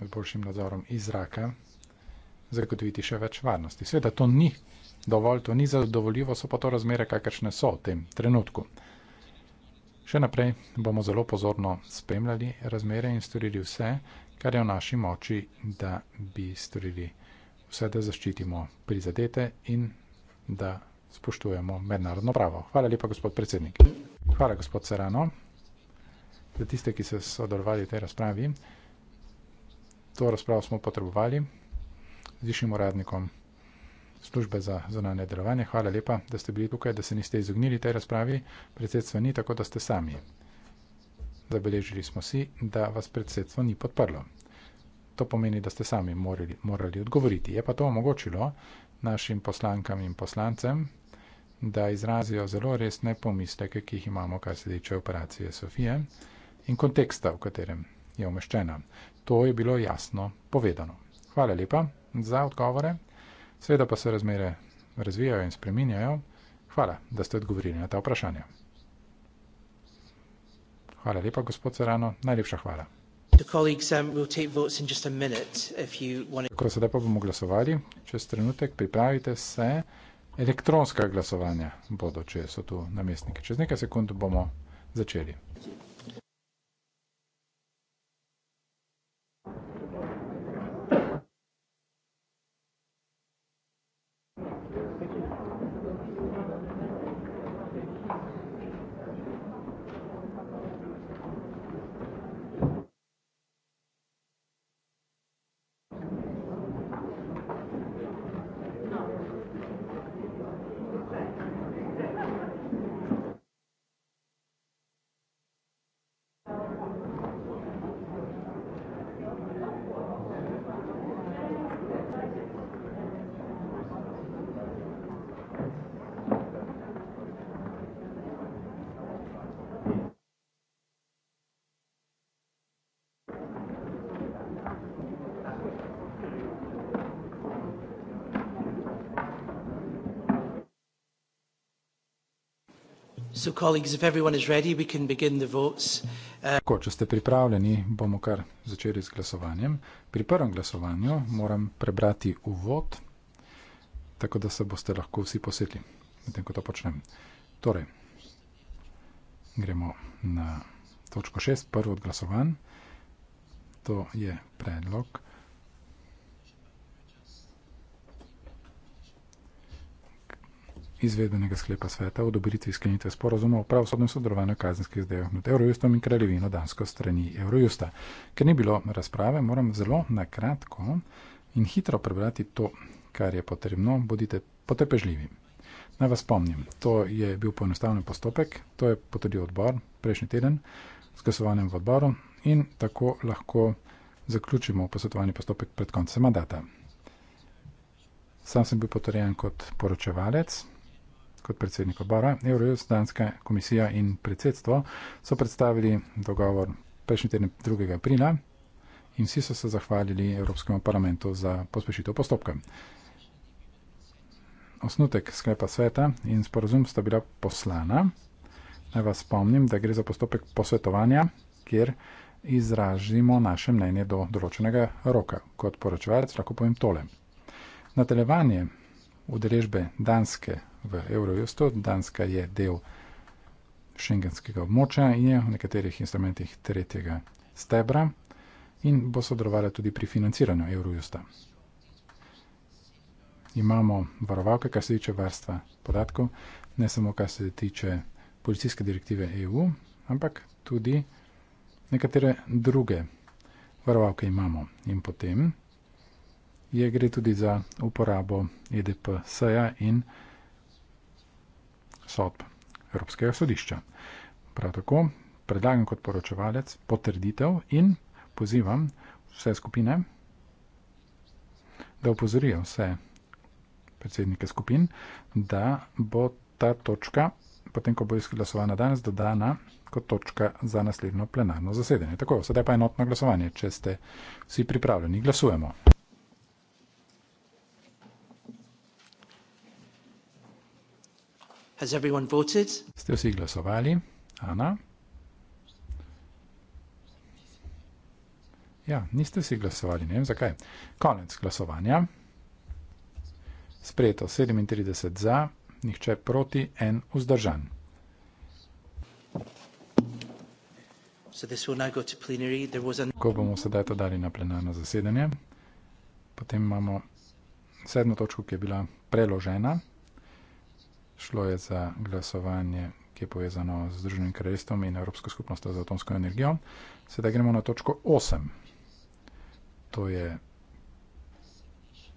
z boljšim nadzorom iz zraka zagotoviti še več varnosti. Sveda to ni dovolj, to ni zadovoljivo, so pa to razmere, kakršne so v tem trenutku. Še naprej bomo zelo pozorno spremljali razmere in storili vse, kar je v naši moči, da bi storili vse, da zaščitimo prizadete in da spoštujemo mednarodno pravo. Hvala lepa, gospod predsednik. Hvala, gospod Serano, za tiste, ki so sodelovali v tej razpravi. To razpravo smo potrebovali z višjim uradnikom službe za zunanje delovanje. Hvala lepa, da ste bili tukaj, da se niste izognili tej razpravi. Predsedstvo ni tako, da ste sami. Zabeležili smo si, da vas predsedstvo ni podprlo. To pomeni, da ste sami morali, morali odgovoriti. Je pa to omogočilo našim poslankam in poslancem, da izrazijo zelo resne pomisleke, ki jih imamo, kar se tiče operacije Sofije in konteksta, v katerem je umeščena. To je bilo jasno povedano. Hvala lepa za odgovore. Seveda pa se razmere razvijajo in spreminjajo. Hvala, da ste odgovorili na ta vprašanja. Hvala lepa, gospod Serano. Najlepša hvala. Um, Tako sedaj pa bomo glasovali. Čez trenutek pripravite se. Elektronska glasovanja bodo, če so tu namestniki. Čez nekaj sekund bomo začeli. Uh, tako, če ste pripravljeni, bomo kar začeli z glasovanjem. Pri prvem glasovanju moram prebrati uvod, tako da se boste lahko vsi posedli, medtem ko to počnem. Torej, gremo na točko 6, prvo od glasovanj. To je predlog izvedbenega sklepa sveta o odobritvi sklenitve sporazuma o pravosodnem sodelovanju kazenskih zadevah med Eurojustom in kraljevino Dansko strani Eurojusta. Ker ni bilo razprave, moram zelo na kratko in hitro prebrati to, kar je potrebno, bodite potrpežljivi. Naj vas spomnim, to je bil poenostavljen postopek, to je potrdil odbor prejšnji teden s glasovanjem v odboru in tako lahko zaključimo posvetovalni postopek pred koncem mandata. Sam sem bil potrjen kot poročevalec, kot predsednik obora, Eurojust, Danska komisija in predsedstvo so predstavili dogovor prejšnji teden 2. aprila in vsi so se zahvalili Evropskemu parlamentu za pospešitev postopka. Osnutek sklepa sveta in sporozum sta bila poslana. Naj vas spomnim, da gre za postopek posvetovanja, kjer izražimo naše mnenje do določenega roka. Kot poročevalec lahko povem tole. Nateljevanje udeležbe Danske v Eurojustu. Danska je del šengenskega območja in je v nekaterih instrumentih tretjega stebra in bo sodelovala tudi pri financiranju Eurojusta. Imamo varovalke, kar se tiče varstva podatkov, ne samo kar se tiče policijske direktive EU, ampak tudi nekatere druge varovalke imamo. In potem je gre tudi za uporabo EDPS-ja in vsega, sodb Evropskega sodišča. Prav tako predlagam kot poročevalec potrditev in pozivam vse skupine, da upozorijo vse predsednike skupin, da bo ta točka, potem ko bo izglasovana danes, dodana kot točka za naslednjo plenarno zasedanje. Tako, sedaj pa enotno glasovanje, če ste vsi pripravljeni. Glasujemo. Has everyone voted? Ste vsi glasovali? Ana? Ja, niste vsi glasovali, ne vem zakaj. Konec glasovanja. Sprejeto 37 za, nihče proti, en vzdržan. Ko bomo sedaj to dali na plenarno zasedanje, potem imamo sedmo točko, ki je bila preložena šlo je za glasovanje, ki je povezano z Združenim kraljestvom in Evropsko skupnostjo za atomsko energijo. Sedaj gremo na točko 8. To je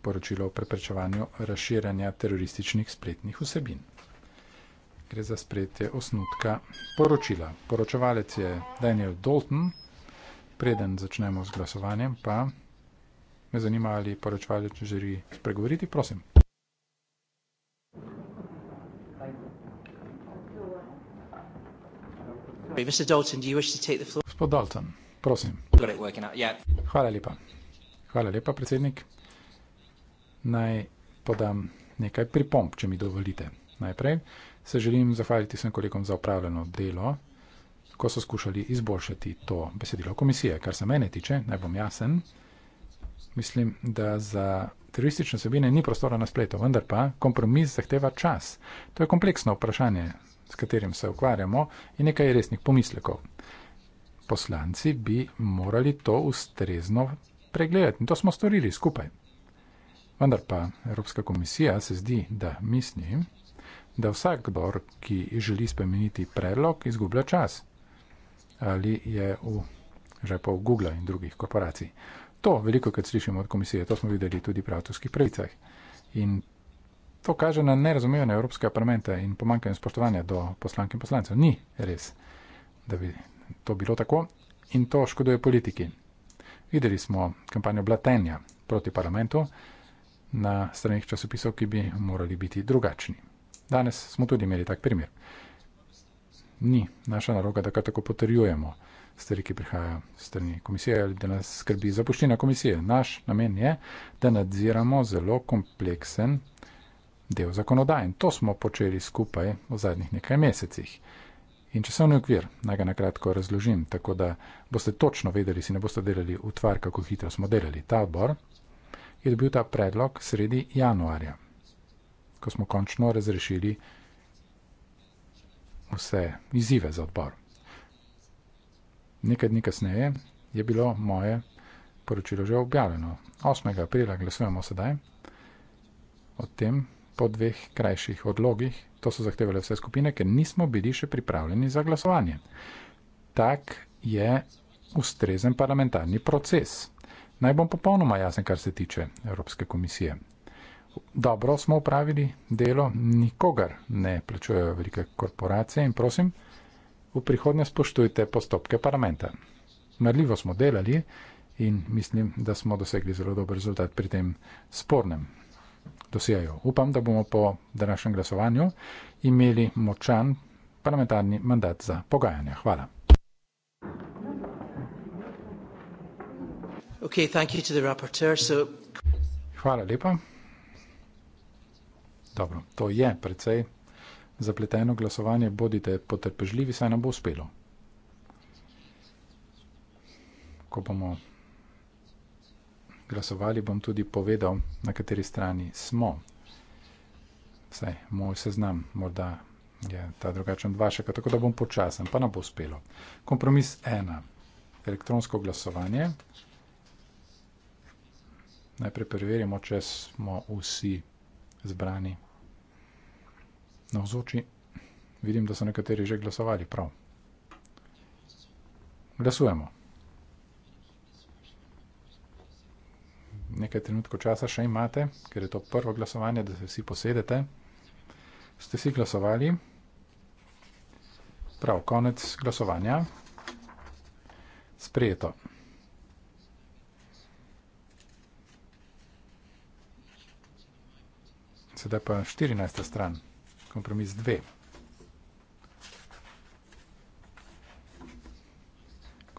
poročilo o preprečevanju razširanja terorističnih spletnih vsebin. Gre za sprejetje osnutka poročila. Poročevalec je Daniel Dalton. Preden začnemo z glasovanjem, pa me zanima, ali poročevalec želi spregovoriti, prosim. Gospod Dalton, prosim. Hvala lepa. Hvala lepa, predsednik. Naj podam nekaj pripomp, če mi dovolite. Najprej se želim zahvaliti vsem kolegom za upravljeno delo, ko so skušali izboljšati to besedilo komisije. Kar se mene tiče, naj bom jasen, mislim, da za teroristične sebine ni prostora na spletu, vendar pa kompromis zahteva čas. To je kompleksno vprašanje s katerim se ukvarjamo, in nekaj resnih pomislekov. Poslanci bi morali to ustrezno pregledati in to smo storili skupaj. Vendar pa Evropska komisija se zdi, da misli, da vsak dor, ki želi spremeniti predlog, izgublja čas ali je v žepov Google in drugih korporacij. To veliko krat slišimo od komisije, to smo videli tudi pri avtorskih pravicah. In To kaže na nerazumevanje Evropskega parlamenta in pomankanje spoštovanja do poslank in poslancev. Ni res, da bi to bilo tako in to škoduje politiki. Videli smo kampanjo blatenja proti parlamentu na stranih časopisov, ki bi morali biti drugačni. Danes smo tudi imeli tak primer. Ni naša naloga, da kar tako potrjujemo stvari, ki prihajajo strani komisije ali da nas skrbi zapuščina komisije. Naš namen je, da nadziramo zelo kompleksen del zakonodaje. In to smo počeli skupaj v zadnjih nekaj mesecih. In časovni okvir, naj ga na kratko razložim, tako da boste točno vedeli, si ne boste delali utvar, kako hitro smo delali. Ta odbor je dobil ta predlog sredi januarja, ko smo končno razrešili vse izzive za odbor. Nekaj dni kasneje je bilo moje poročilo že objavljeno. 8. aprila glasujemo sedaj o tem, po dveh krajših odlogih. To so zahtevali vse skupine, ker nismo bili še pripravljeni za glasovanje. Tak je ustrezen parlamentarni proces. Naj bom popolnoma jasen, kar se tiče Evropske komisije. Dobro smo upravili delo, nikogar ne plačujejo velike korporacije in prosim, v prihodnje spoštujte postopke parlamenta. Mrljivo smo delali in mislim, da smo dosegli zelo dober rezultat pri tem spornem dosijajo. Upam, da bomo po današnjem glasovanju imeli močan parlamentarni mandat za pogajanja. Hvala. Okay, thank you to the rapporteur. So... Hvala lepa. Dobro, to je precej zapleteno glasovanje. Bodite potrpežljivi, saj nam bo uspelo. Ko bomo glasovali, bom tudi povedal, na kateri strani smo. Vsaj moj seznam, morda je ta drugačen od vašega, tako da bom počasen, pa nam bo uspelo. Kompromis ena. Elektronsko glasovanje. Najprej preverimo, če smo vsi zbrani na vzoči. Vidim, da so nekateri že glasovali prav. Glasujemo. nekaj trenutkov časa še imate, ker je to prvo glasovanje, da se vsi posedete. Ste si glasovali? Prav, konec glasovanja. Sprejeto. Sedaj pa 14. stran, kompromis 2.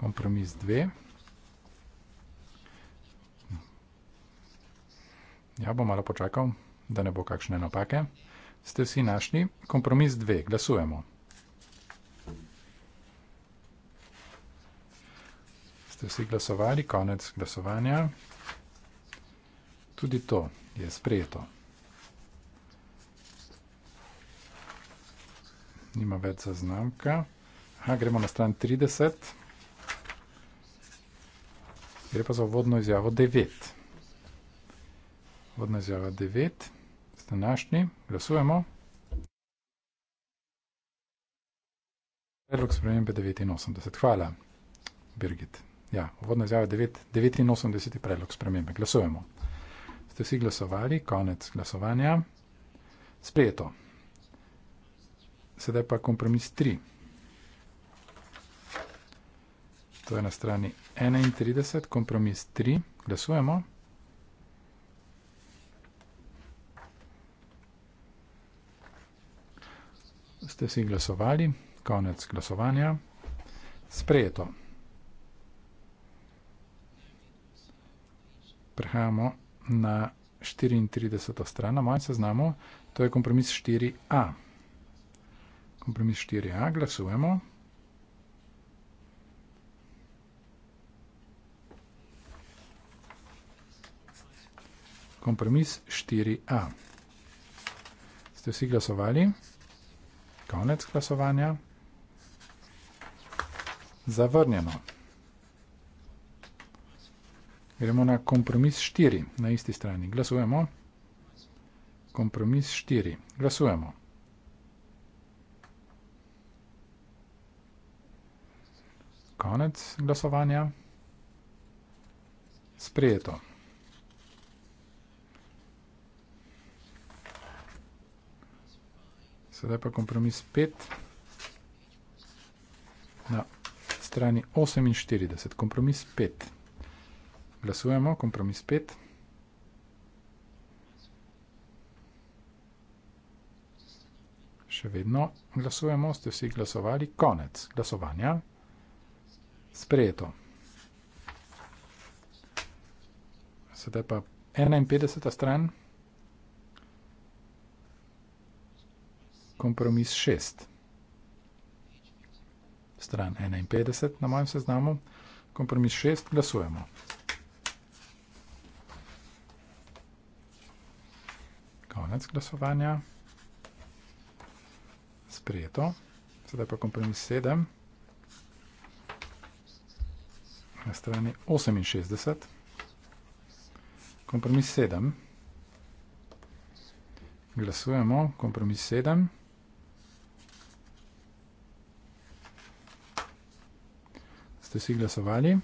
Kompromis 2. Ja bom malo počakal, da ne bo kakšne napake. Ste vsi našli kompromis 2, glasujemo. Ste vsi glasovali, konec glasovanja. Tudi to je sprejeto. Nima več zaznamka. Aha, gremo na stran 30. Gre pa za vodno izjavo 9 vodna izjava 9, z današnji, glasujemo. Predlog spremembe 89, hvala, Birgit. Ja, vodna izjava 9, 89 je predlog spremembe, glasujemo. Ste vsi glasovali, konec glasovanja. Sprejeto. Sedaj pa kompromis 3. To je na strani 31, kompromis 3, glasujemo. ste si glasovali, konec glasovanja, sprejeto. Prehajamo na 34. stran na mojem seznamu, to je kompromis 4a. Kompromis 4a, glasujemo. Kompromis 4a. Ste vsi glasovali? Konec glasovanja. Zavrnjeno. Gremo na kompromis 4 na isti strani. Glasujemo. Kompromis 4. Glasujemo. Konec glasovanja. Sprejeto. Sedaj pa kompromis 5 na strani 48. Kompromis 5. Glasujemo, kompromis 5. Še vedno glasujemo, ste vsi glasovali. Konec glasovanja. Sprejeto. Sedaj pa 51. stran. kompromis 6. Stran 51 na mojem seznamu. Kompromis 6 glasujemo. Konec glasovanja. Sprejeto. Sedaj pa kompromis 7. Na strani 68. Kompromis 7. Glasujemo. Kompromis 7. Kompromis 7. ste si glasovali.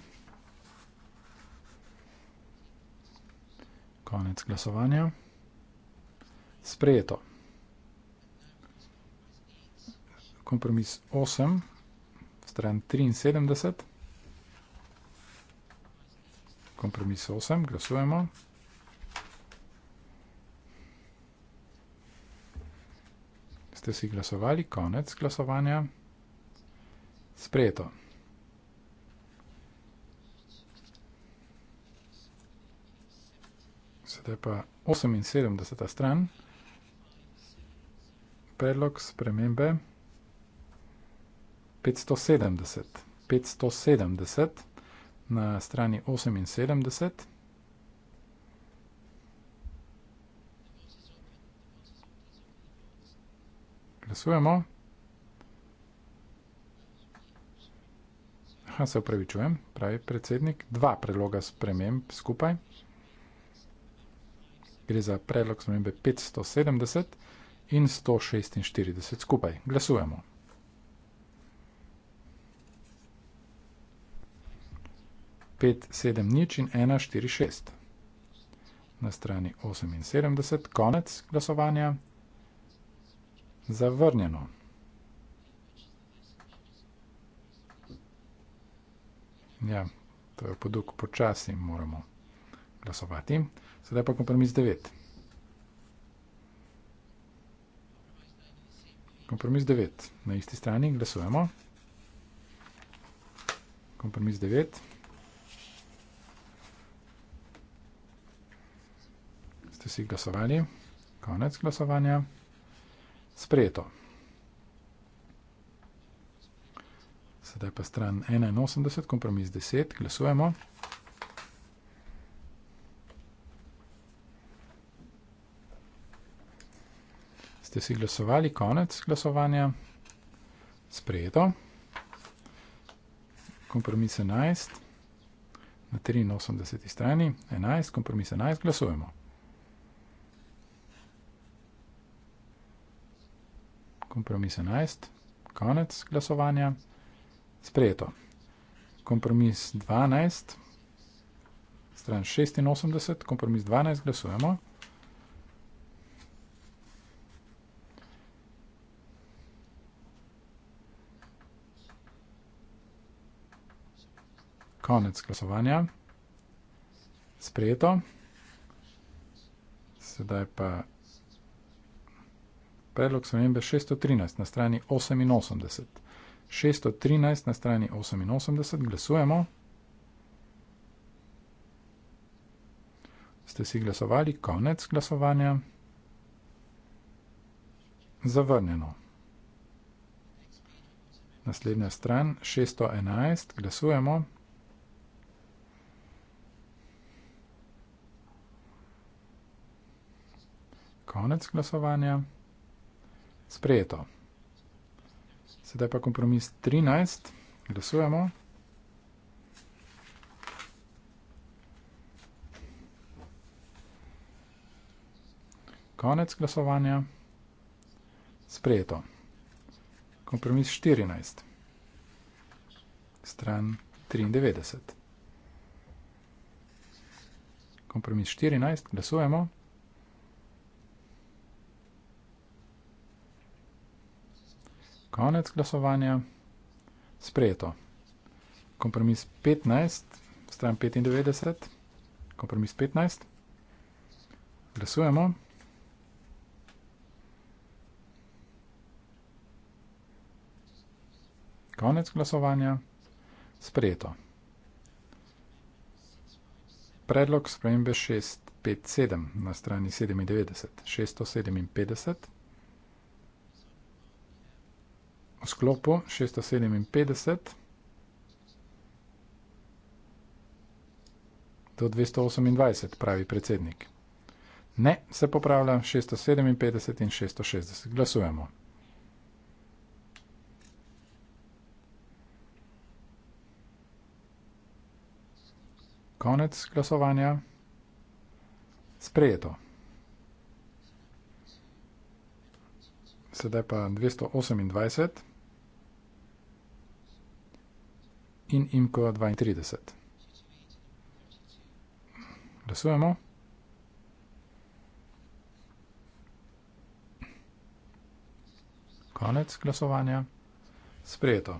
Konec glasovanja. Sprejeto. Kompromis 8, stran 73. Kompromis 8, glasujemo. Ste si glasovali, konec glasovanja. Sprejeto. to je pa 78. stran, predlog spremembe 570. 570 na strani 78. Glasujemo. Aha, se upravičujem, pravi predsednik, dva predloga sprememb skupaj gre za predlog spremembe 570 in 146 skupaj. Glasujemo. pet, sedem, nič in ena, štiri, šest. Na strani oseminsedemdeset, konec glasovanja, zavrnjeno. Ja, to je poduk počasi, moramo glasovati. Sedaj pa kompromis 9. Kompromis 9. Na isti strani glasujemo. Kompromis 9. Ste si glasovali. Konec glasovanja. Sprejeto. Sedaj pa stran 81, kompromis 10. Glasujemo. Glasujemo. ste si glasovali, konec glasovanja, sprejeto, kompromis 11, na 83. strani, 11, kompromis 11, glasujemo. Kompromis 11, konec glasovanja, sprejeto. Kompromis 12, stran 86, kompromis 12, glasujemo. konec glasovanja. Sprejeto. Sedaj pa predlog spremembe 613 na strani 88. 613 na strani 88 glasujemo. Ste si glasovali? Konec glasovanja. Zavrnjeno. Naslednja stran 611 glasujemo. Konec glasovanja. Sprejeto. Sedaj pa kompromis 13. Glasujemo. Konec glasovanja. Sprejeto. Kompromis 14. Stran 93. Kompromis 14. Glasujemo. Glasujemo. Konec glasovanja. Sprejeto. Kompromis 15, stran 95. Kompromis 15. Glasujemo. Konec glasovanja. Sprejeto. Predlog spremembe 657 na strani 97, 657. sklopu 657 do 228, pravi predsednik. Ne, se popravlja 657 in 660. Glasujemo. Konec glasovanja. Sprejeto. Sedaj pa 228. in IMCO 32. Glasujemo. Konec glasovanja. Sprejeto.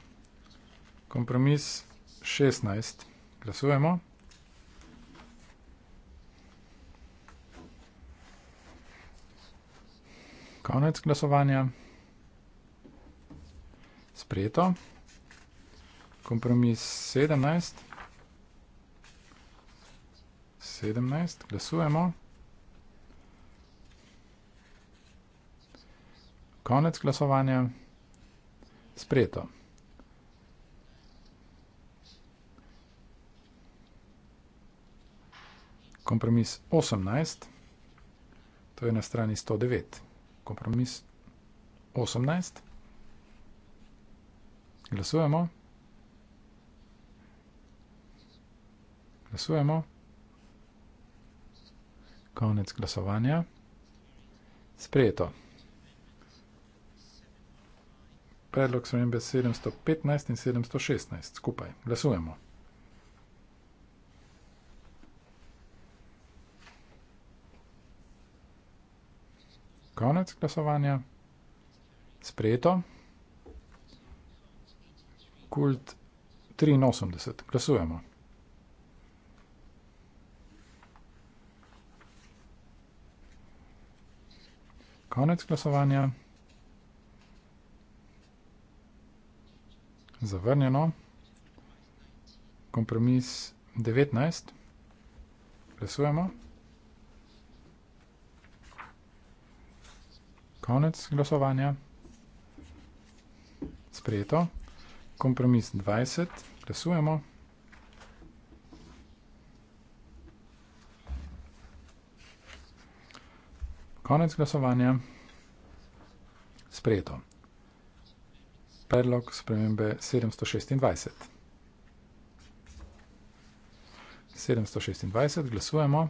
Kompromis 16. Glasujemo. Konec glasovanja. Sprejeto kompromis 17. 17, glasujemo. Konec glasovanja. Sprejeto. Kompromis 18, to je na strani 109. Kompromis 18, glasujemo. Glasujemo. Glasujemo. Konec glasovanja. Sprejeto. Predlog spremembe 715 in 716 skupaj. Glasujemo. Konec glasovanja. Sprejeto. Kult 83. Glasujemo. konec glasovanja. Zavrnjeno. Kompromis 19. Glasujemo. Konec glasovanja. Sprejeto. Kompromis 20. Glasujemo. Glasujemo. Konec glasovanja. Sprejeto. Predlog spremembe 726. 726, glasujemo.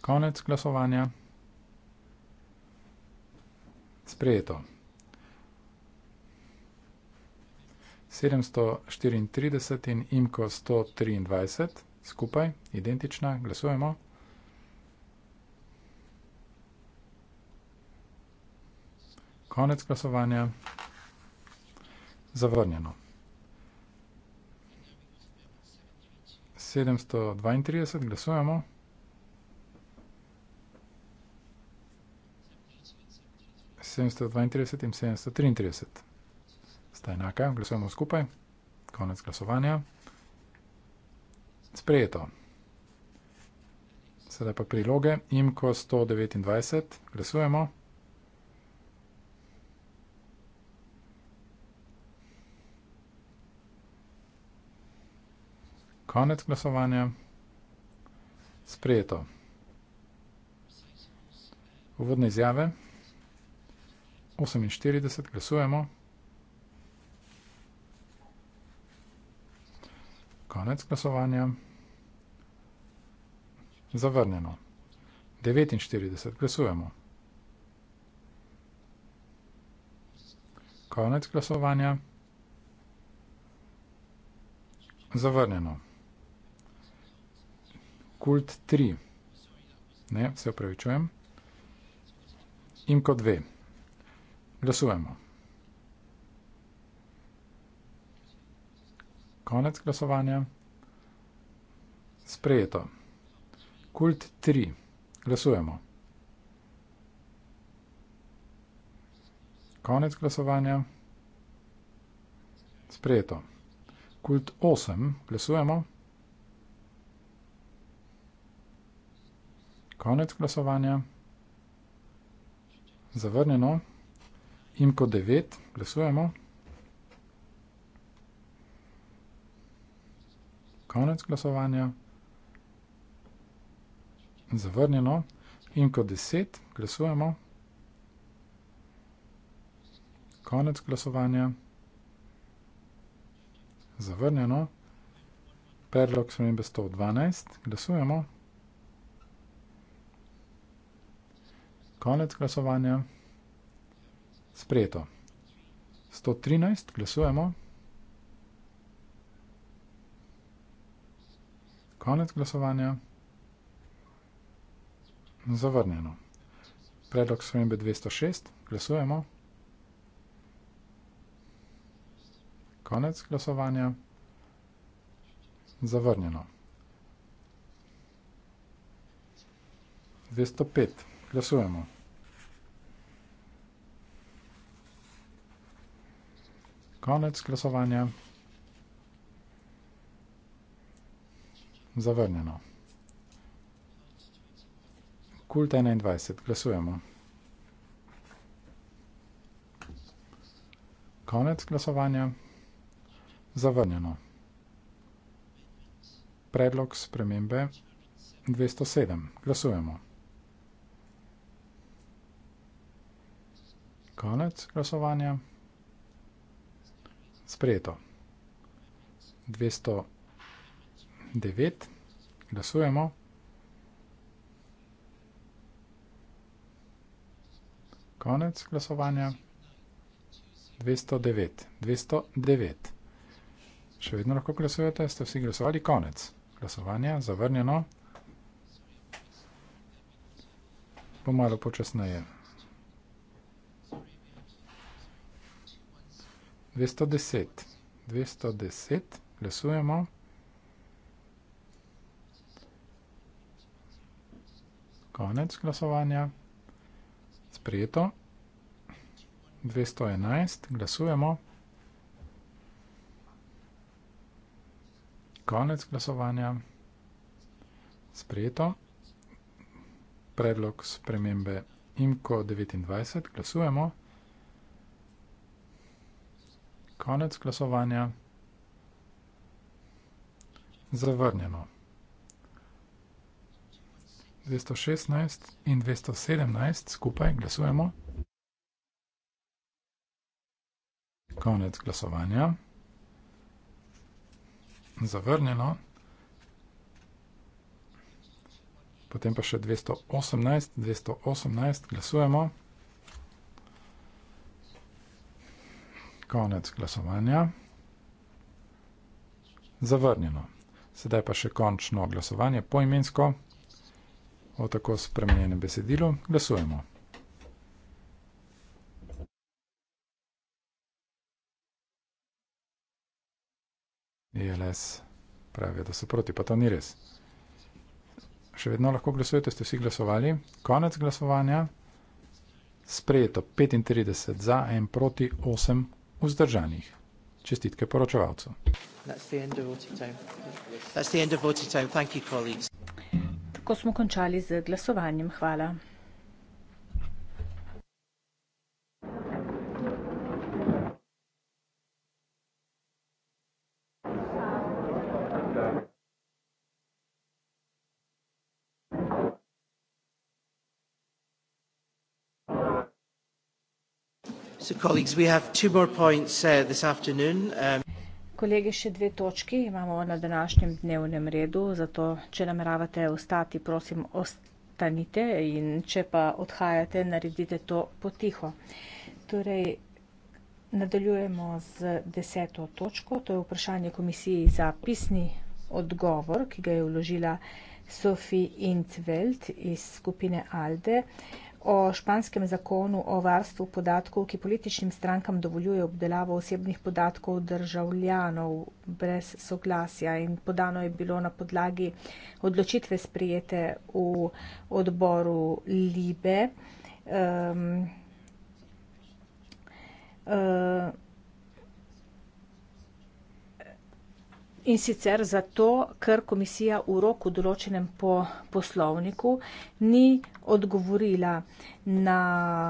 Konec glasovanja. Sprejeto. 734 in IMKO 123 skupaj, identična, glasujemo. konec glasovanja. Zavrnjeno. 732 glasujemo. Sedemsto dvaintrideset in sedemsto triintrideset sta enaka, glasujemo skupaj. Konec glasovanja. Sprejeto. Sedaj pa priloge, imko sto devetindvajset, glasujemo. Konec glasovanja. Sprejeto. Uvodne izjave. 48, glasujemo. Konec glasovanja. Zavrnjeno. 49, glasujemo. Konec glasovanja. Zavrnjeno kult 3. Ne, se upravičujem. Imko 2. Glasujemo. Konec glasovanja. Sprejeto. Kult 3. Glasujemo. Konec glasovanja. Sprejeto. Kult 8. Glasujemo. Glasujemo. Konec glasovanja. Zavrnjeno. Imko 9. Glasujemo. Konec glasovanja. Zavrnjeno. Imko 10. Glasujemo. Konec glasovanja. Zavrnjeno. Perlok smo imbe 112. Glasujemo. Glasujemo. Konec glasovanja. Sprejeto. 113, glasujemo. Konec glasovanja. Zavrnjeno. Predlog svojembe 206, glasujemo. Konec glasovanja. Zavrnjeno. 205. Glasujemo. Konec glasovanja. Zavrnjeno. Kult 21. Glasujemo. Konec glasovanja. Zavrnjeno. Predlog spremembe 207. Glasujemo. Konec glasovanja. Sprejeto. 209. Glasujemo. Konec glasovanja. 209. 209. Še vedno lahko glasujete, ste vsi glasovali. Konec glasovanja. Zavrnjeno. Pomalo počasneje. 210. 210. 210, glasujemo. Konec glasovanja. Sprejeto. 211, glasujemo. Konec glasovanja. Sprejeto. Predlog spremembe IMCO 29, glasujemo. Konec glasovanja. Zavrnjeno. 216 in 217 skupaj glasujemo. Konec glasovanja. Zavrnjeno. Potem pa še 218, 218 glasujemo. konec glasovanja. Zavrnjeno. Sedaj pa še končno glasovanje poimensko o tako spremenjenem besedilu. Glasujemo. ILS pravi, da so proti, pa to ni res. Še vedno lahko glasujete, ste vsi glasovali. Konec glasovanja. Sprejeto 35 za, 1 proti, 8 glasovanja vzdržanih. Čestitke poročevalcu. Tako smo končali z glasovanjem. Hvala. Uh, um, Kolegi, še dve točki imamo na današnjem dnevnem redu, zato če nameravate ostati, prosim, ostanite in če pa odhajate, naredite to potiho. Torej, nadaljujemo z deseto točko, to je vprašanje komisiji za pisni odgovor, ki ga je vložila Sofi Intveld iz skupine Alde o španskem zakonu o varstvu podatkov, ki političnim strankam dovoljuje obdelavo osebnih podatkov državljanov brez soglasja in podano je bilo na podlagi odločitve sprijete v odboru Libe. Um, uh, In sicer zato, ker komisija v roku določenem po poslovniku ni odgovorila na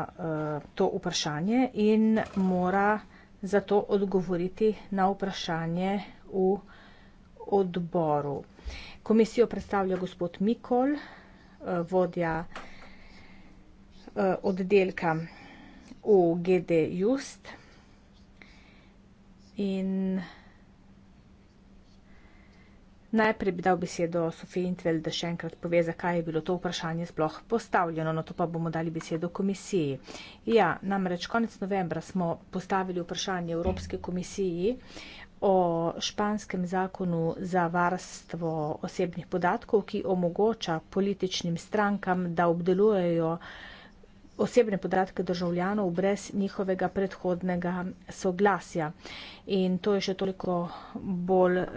uh, to vprašanje in mora zato odgovoriti na vprašanje v odboru. Komisijo predstavlja gospod Mikol, uh, vodja uh, oddelka v GD Just. In Najprej bi dal besedo Sofiji Intveld, da še enkrat pove, zakaj je bilo to vprašanje sploh postavljeno, no to pa bomo dali besedo komisiji. Ja, namreč konec novembra smo postavili vprašanje Evropske komisiji o španskem zakonu za varstvo osebnih podatkov, ki omogoča političnim strankam, da obdelujejo osebne podatke državljanov brez njihovega predhodnega soglasja. In to je še toliko bolj uh,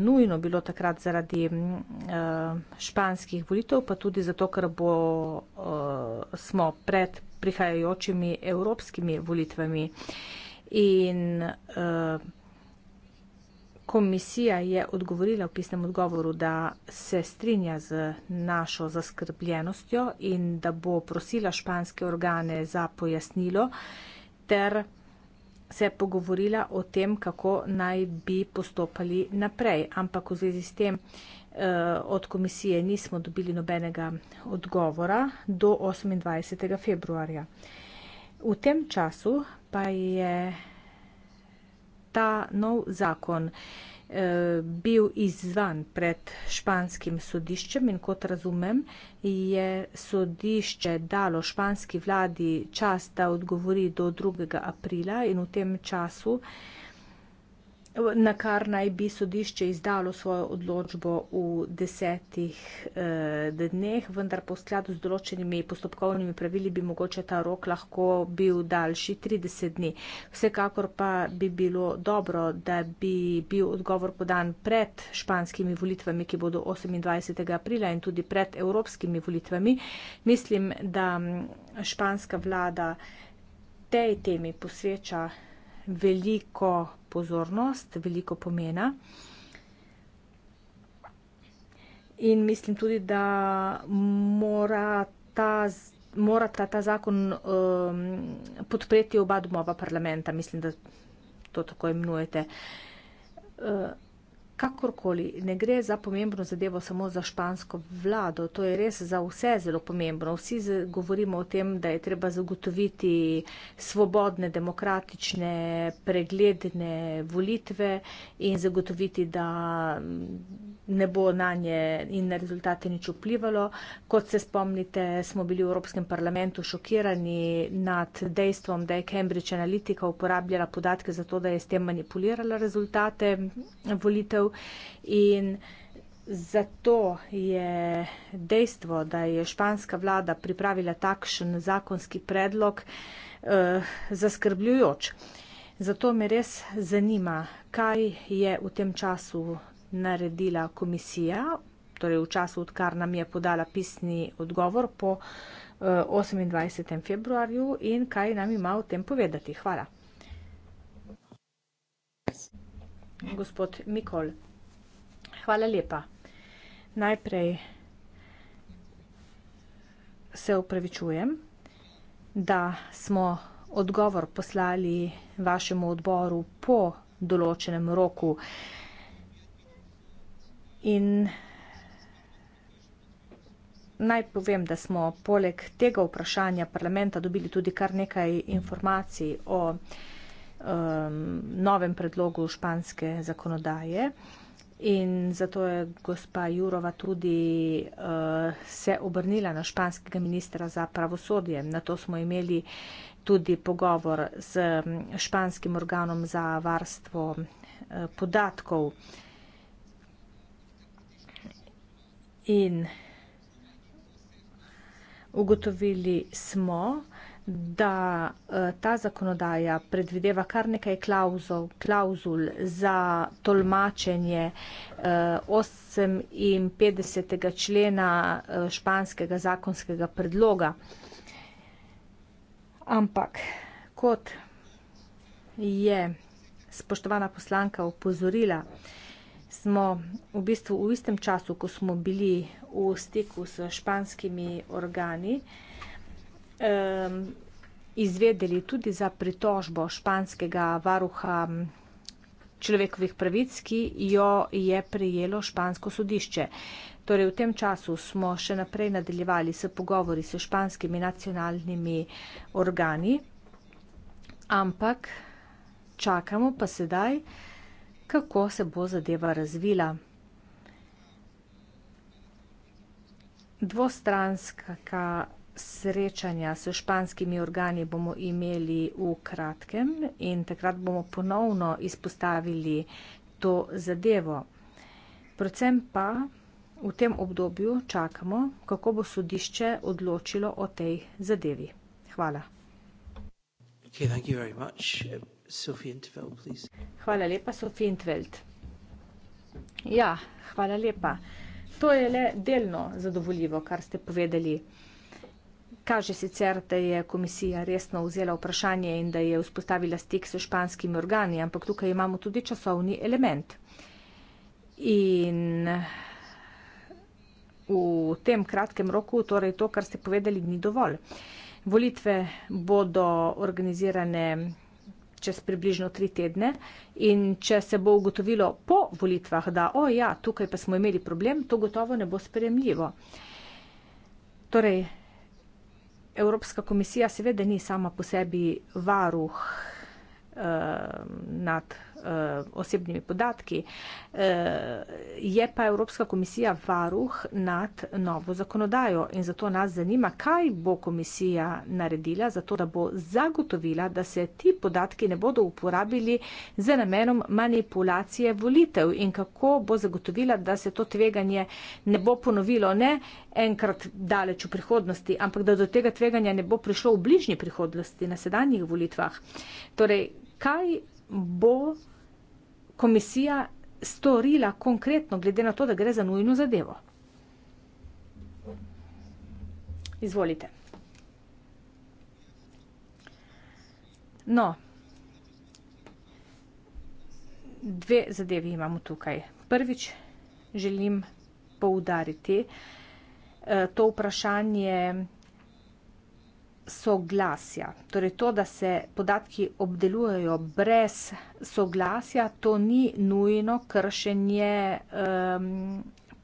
nujno bilo takrat zaradi uh, španskih volitev, pa tudi zato, ker bo, uh, smo pred prihajajočimi evropskimi volitvami. In uh, Komisija je odgovorila v pisnem odgovoru, da se strinja z našo zaskrbljenostjo in da bo prosila španske organe za pojasnilo ter se je pogovorila o tem, kako naj bi postopali naprej. Ampak v zvezi s tem eh, od komisije nismo dobili nobenega odgovora do 28. februarja. V tem času pa je ta nov zakon eh, bil izvan pred španskim sodiščem in kot razumem, je sodišče dalo španski vladi čas, da odgovori do 2. aprila in v tem času eh, na kar naj bi sodišče izdalo svojo odločbo v desetih eh, dneh, vendar po skladu z določenimi postopkovnimi pravili bi mogoče ta rok lahko bil daljši 30 dni. Vsekakor pa bi bilo dobro, da bi bil odgovor podan pred španskimi volitvami, ki bodo 28. aprila in tudi pred evropskimi volitvami. Mislim, da mm, španska vlada tej temi posveča veliko pozornost, veliko pomena. In mislim tudi, da mora ta, mora ta, ta zakon um, podpreti oba domova parlamenta, mislim, da to tako imenujete. Uh, Kakorkoli, ne gre za pomembno zadevo samo za špansko vlado, to je res za vse zelo pomembno. Vsi govorimo o tem, da je treba zagotoviti svobodne, demokratične, pregledne volitve in zagotoviti, da mm, ne bo na nje in na rezultate nič vplivalo. Kot se spomnite, smo bili v Evropskem parlamentu šokirani nad dejstvom, da je Cambridge Analytica uporabljala podatke za to, da je s tem manipulirala rezultate volitev in zato je dejstvo, da je španska vlada pripravila takšen zakonski predlog, eh, zaskrbljujoč. Zato me res zanima, kaj je v tem času naredila komisija, torej v času, odkar nam je podala pisni odgovor po 28. Eh, februarju in kaj nam ima o tem povedati. Hvala. gospod Mikol. Hvala lepa. Najprej se upravičujem, da smo odgovor poslali vašemu odboru po določenem roku in Naj povem, da smo poleg tega vprašanja parlamenta dobili tudi kar nekaj informacij o um, novem predlogu španske zakonodaje. In zato je gospa Jurova tudi uh, se obrnila na španskega ministra za pravosodje. Na to smo imeli tudi pogovor z um, španskim organom za varstvo uh, podatkov. In ugotovili smo, da eh, ta zakonodaja predvideva kar nekaj klauzul, klauzul za tolmačenje 58. Eh, člena eh, španskega zakonskega predloga. Ampak kot je spoštovana poslanka upozorila, smo v bistvu v istem času, ko smo bili v stiku s španskimi organi, izvedeli tudi za pritožbo španskega varuha človekovih pravic, ki jo je prijelo špansko sodišče. Torej, v tem času smo še naprej nadaljevali s pogovori s španskimi nacionalnimi organi, ampak čakamo pa sedaj, kako se bo zadeva razvila. Dvostranska srečanja s španskimi organi bomo imeli v kratkem in takrat bomo ponovno izpostavili to zadevo. Predvsem pa v tem obdobju čakamo, kako bo sodišče odločilo o tej zadevi. Hvala. Hvala lepa, Sofie Intveld. Ja, hvala lepa. To je le delno zadovoljivo, kar ste povedali. Kaže sicer, da je komisija resno vzela vprašanje in da je vzpostavila stik s španskimi organi, ampak tukaj imamo tudi časovni element. In v tem kratkem roku, torej to, kar ste povedali, ni dovolj. Volitve bodo organizirane čez približno tri tedne in če se bo ugotovilo po volitvah, da o ja, tukaj pa smo imeli problem, to gotovo ne bo sprejemljivo. Torej, Evropska komisija seveda ni sama po sebi varuh eh, nad uh, osebnimi podatki. Uh, je pa Evropska komisija varuh nad novo zakonodajo in zato nas zanima, kaj bo komisija naredila za to, da bo zagotovila, da se ti podatki ne bodo uporabili za namenom manipulacije volitev in kako bo zagotovila, da se to tveganje ne bo ponovilo ne enkrat daleč v prihodnosti, ampak da do tega tveganja ne bo prišlo v bližnji prihodnosti na sedanjih volitvah. Torej, kaj bo komisija storila konkretno, glede na to, da gre za nujno zadevo. Izvolite. No, dve zadevi imamo tukaj. Prvič želim poudariti eh, to vprašanje soglasja. Torej to, da se podatki obdelujejo brez soglasja, to ni nujno kršenje um,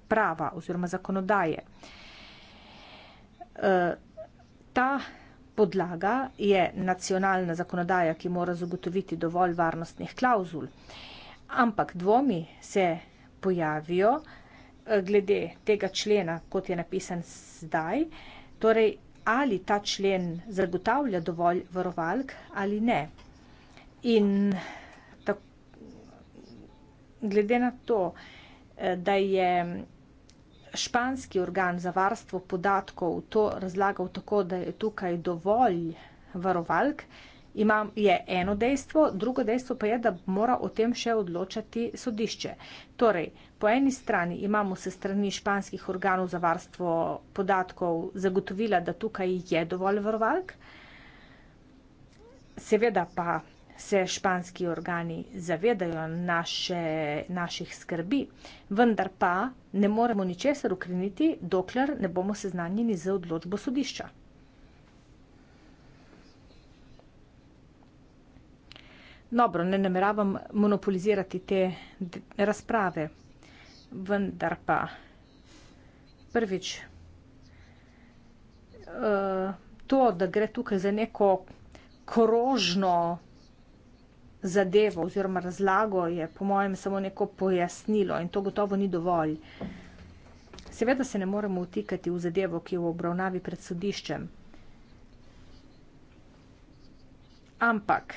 prava oziroma zakonodaje. E, ta podlaga je nacionalna zakonodaja, ki mora zagotoviti dovolj varnostnih klauzul, ampak dvomi se pojavijo e, glede tega člena, kot je napisan zdaj. Torej, ali ta člen zagotavlja dovolj varovalk ali ne. In tako, glede na to, eh, da je španski organ za varstvo podatkov to razlagal tako, da je tukaj dovolj varovalk, imam, je eno dejstvo, drugo dejstvo pa je, da mora o tem še odločati sodišče. Torej, po eni strani imamo se strani španskih organov za varstvo podatkov zagotovila, da tukaj je dovolj varovalk, seveda pa se španski organi zavedajo naše, naših skrbi, vendar pa ne moremo ničesar ukriniti, dokler ne bomo seznanjeni z odločbo sodišča. Dobro, ne nameravam monopolizirati te razprave, vendar pa prvič eh, to, da gre tukaj za neko krožno zadevo oziroma razlago, je po mojem samo neko pojasnilo in to gotovo ni dovolj. Seveda se ne moremo vtikati v zadevo, ki je v obravnavi pred sodiščem. Ampak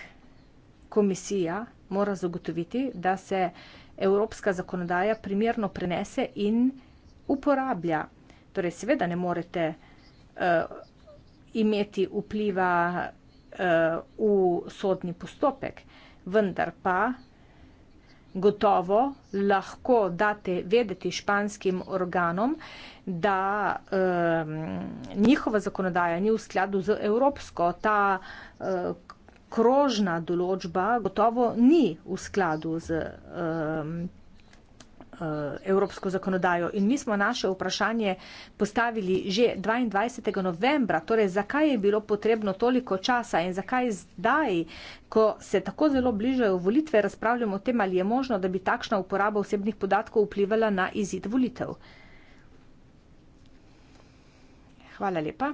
komisija mora zagotoviti, da se evropska zakonodaja primerno prenese in uporablja. Torej, seveda ne morete uh, imeti vpliva uh, v sodni postopek, vendar pa gotovo lahko date vedeti španskim organom, da uh, njihova zakonodaja ni v skladu z evropsko. Ta uh, krožna določba gotovo ni v skladu z um, uh, evropsko zakonodajo in mi smo naše vprašanje postavili že 22. novembra, torej zakaj je bilo potrebno toliko časa in zakaj zdaj, ko se tako zelo bližajo volitve, razpravljamo o tem, ali je možno, da bi takšna uporaba osebnih podatkov vplivala na izid volitev. Hvala lepa.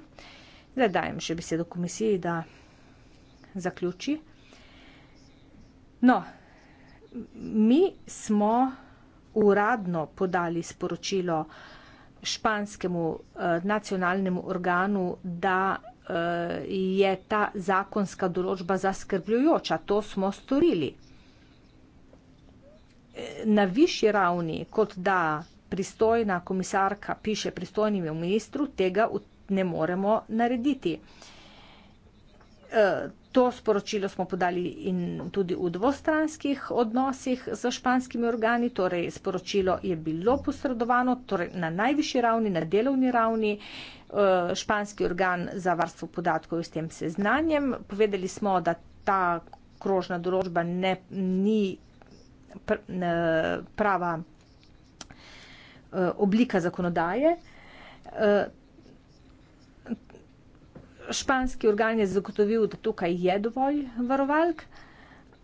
Zdaj dajem še besedo komisiji, da zaključi. No, mi smo uradno podali sporočilo španskemu eh, nacionalnemu organu, da eh, je ta zakonska določba zaskrbljujoča. To smo storili. Na višji ravni, kot da pristojna komisarka piše pristojnim ministru, tega ne moremo narediti. Eh, To sporočilo smo podali in tudi v dvostranskih odnosih z španskimi organi, torej sporočilo je bilo posredovano torej na najvišji ravni, na delovni ravni. Eh, španski organ za varstvo podatkov je s tem seznanjem. Povedali smo, da ta krožna določba ne, ni pr, ne, prava eh, oblika zakonodaje. Eh, španski organ je zagotovil, da tukaj je dovolj varovalk.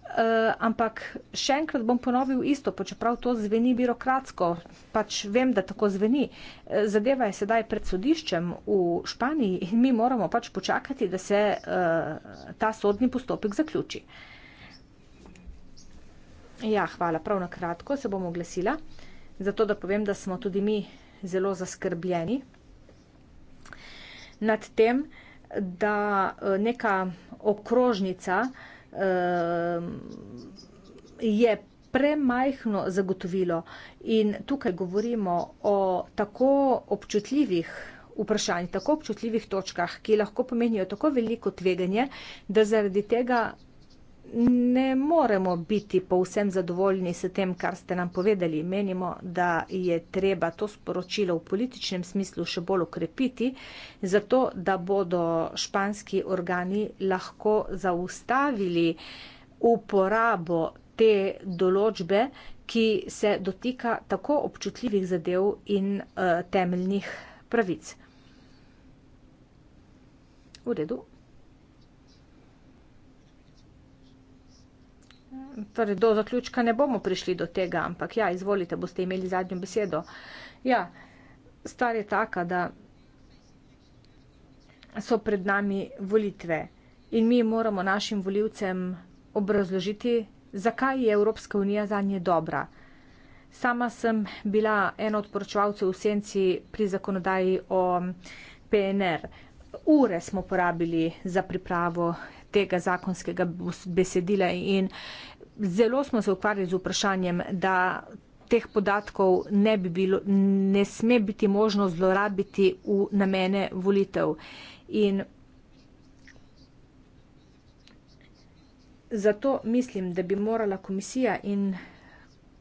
Uh, ampak še enkrat bom ponovil isto, pa čeprav to zveni birokratsko, pač vem, da tako zveni. Eh, zadeva je sedaj pred sodiščem v Španiji in mi moramo pač počakati, da se uh, ta sodni postopek zaključi. Ja, hvala. Prav na kratko se bom oglasila, zato da povem, da smo tudi mi zelo zaskrbljeni nad tem, uh, da eh, neka okrožnica eh, je premajhno zagotovilo in tukaj govorimo o tako občutljivih vprašanjih, tako občutljivih točkah, ki lahko pomenijo tako veliko tveganje, da zaradi tega ne moremo biti povsem zadovoljni s tem, kar ste nam povedali. Menimo, da je treba to sporočilo v političnem smislu še bolj ukrepiti, zato da bodo španski organi lahko zaustavili uporabo te določbe, ki se dotika tako občutljivih zadev in uh, temeljnih pravic. V redu. torej do zaključka ne bomo prišli do tega, ampak ja, izvolite, boste imeli zadnjo besedo. Ja, stvar je taka, da so pred nami volitve in mi moramo našim voljivcem obrazložiti, zakaj je Evropska unija za nje dobra. Sama sem bila ena od poročevalcev v senci pri zakonodaji o PNR. Ure smo porabili za pripravo tega zakonskega besedila in zelo smo se ukvarjali z vprašanjem, da teh podatkov ne, bi bilo, ne sme biti možno zlorabiti v namene volitev. In zato mislim, da bi morala komisija in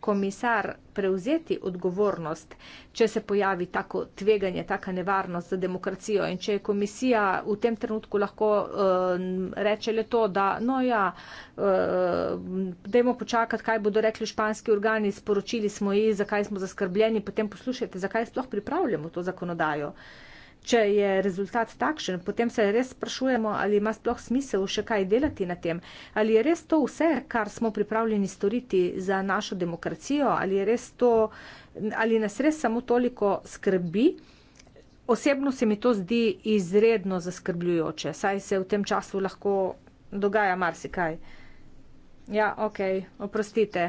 komisar prevzeti odgovornost, če se pojavi tako tveganje, taka nevarnost za demokracijo in če je komisija v tem trenutku lahko uh, reče le to, da no ja, uh, dajmo počakati, kaj bodo rekli španski organi, sporočili smo jih, zakaj smo zaskrbljeni, potem poslušajte, zakaj sploh pripravljamo to zakonodajo. Uh, Če je rezultat takšen, potem se res sprašujemo, ali ima sploh smisel še kaj delati na tem, ali je res to vse, kar smo pripravljeni storiti za našo demokracijo, ali, to, ali nas res samo toliko skrbi. Osebno se mi to zdi izredno zaskrbljujoče, saj se v tem času lahko dogaja marsikaj. Ja, ok, oprostite.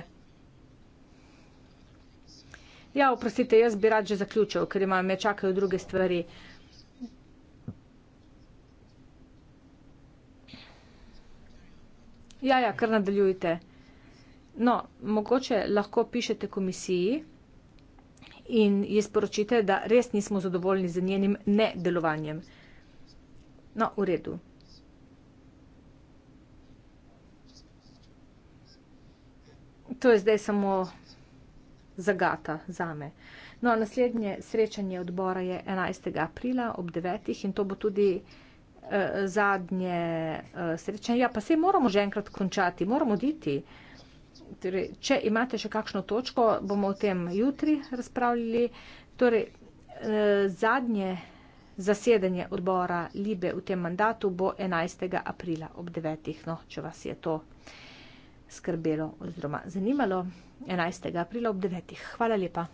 Ja, oprostite, jaz bi rad že zaključil, ker ima, me čakajo druge stvari. Ja, ja, kar nadaljujte. No, mogoče lahko pišete komisiji in ji sporočite, da res nismo zadovoljni z njenim nedelovanjem. No, v redu. To je zdaj samo zagata zame. No, naslednje srečanje odbora je 11. aprila ob 9. in to bo tudi nekaj, uh, zadnje uh, srečanje. Ja, pa se moramo že enkrat končati, moramo oditi. Torej, če imate še kakšno točko, bomo o tem jutri razpravljali. Torej, uh, zadnje zasedanje odbora Libe v tem mandatu bo 11. aprila ob 9. No, če vas je to skrbelo oziroma zanimalo. 11. aprila ob 9. Hvala lepa.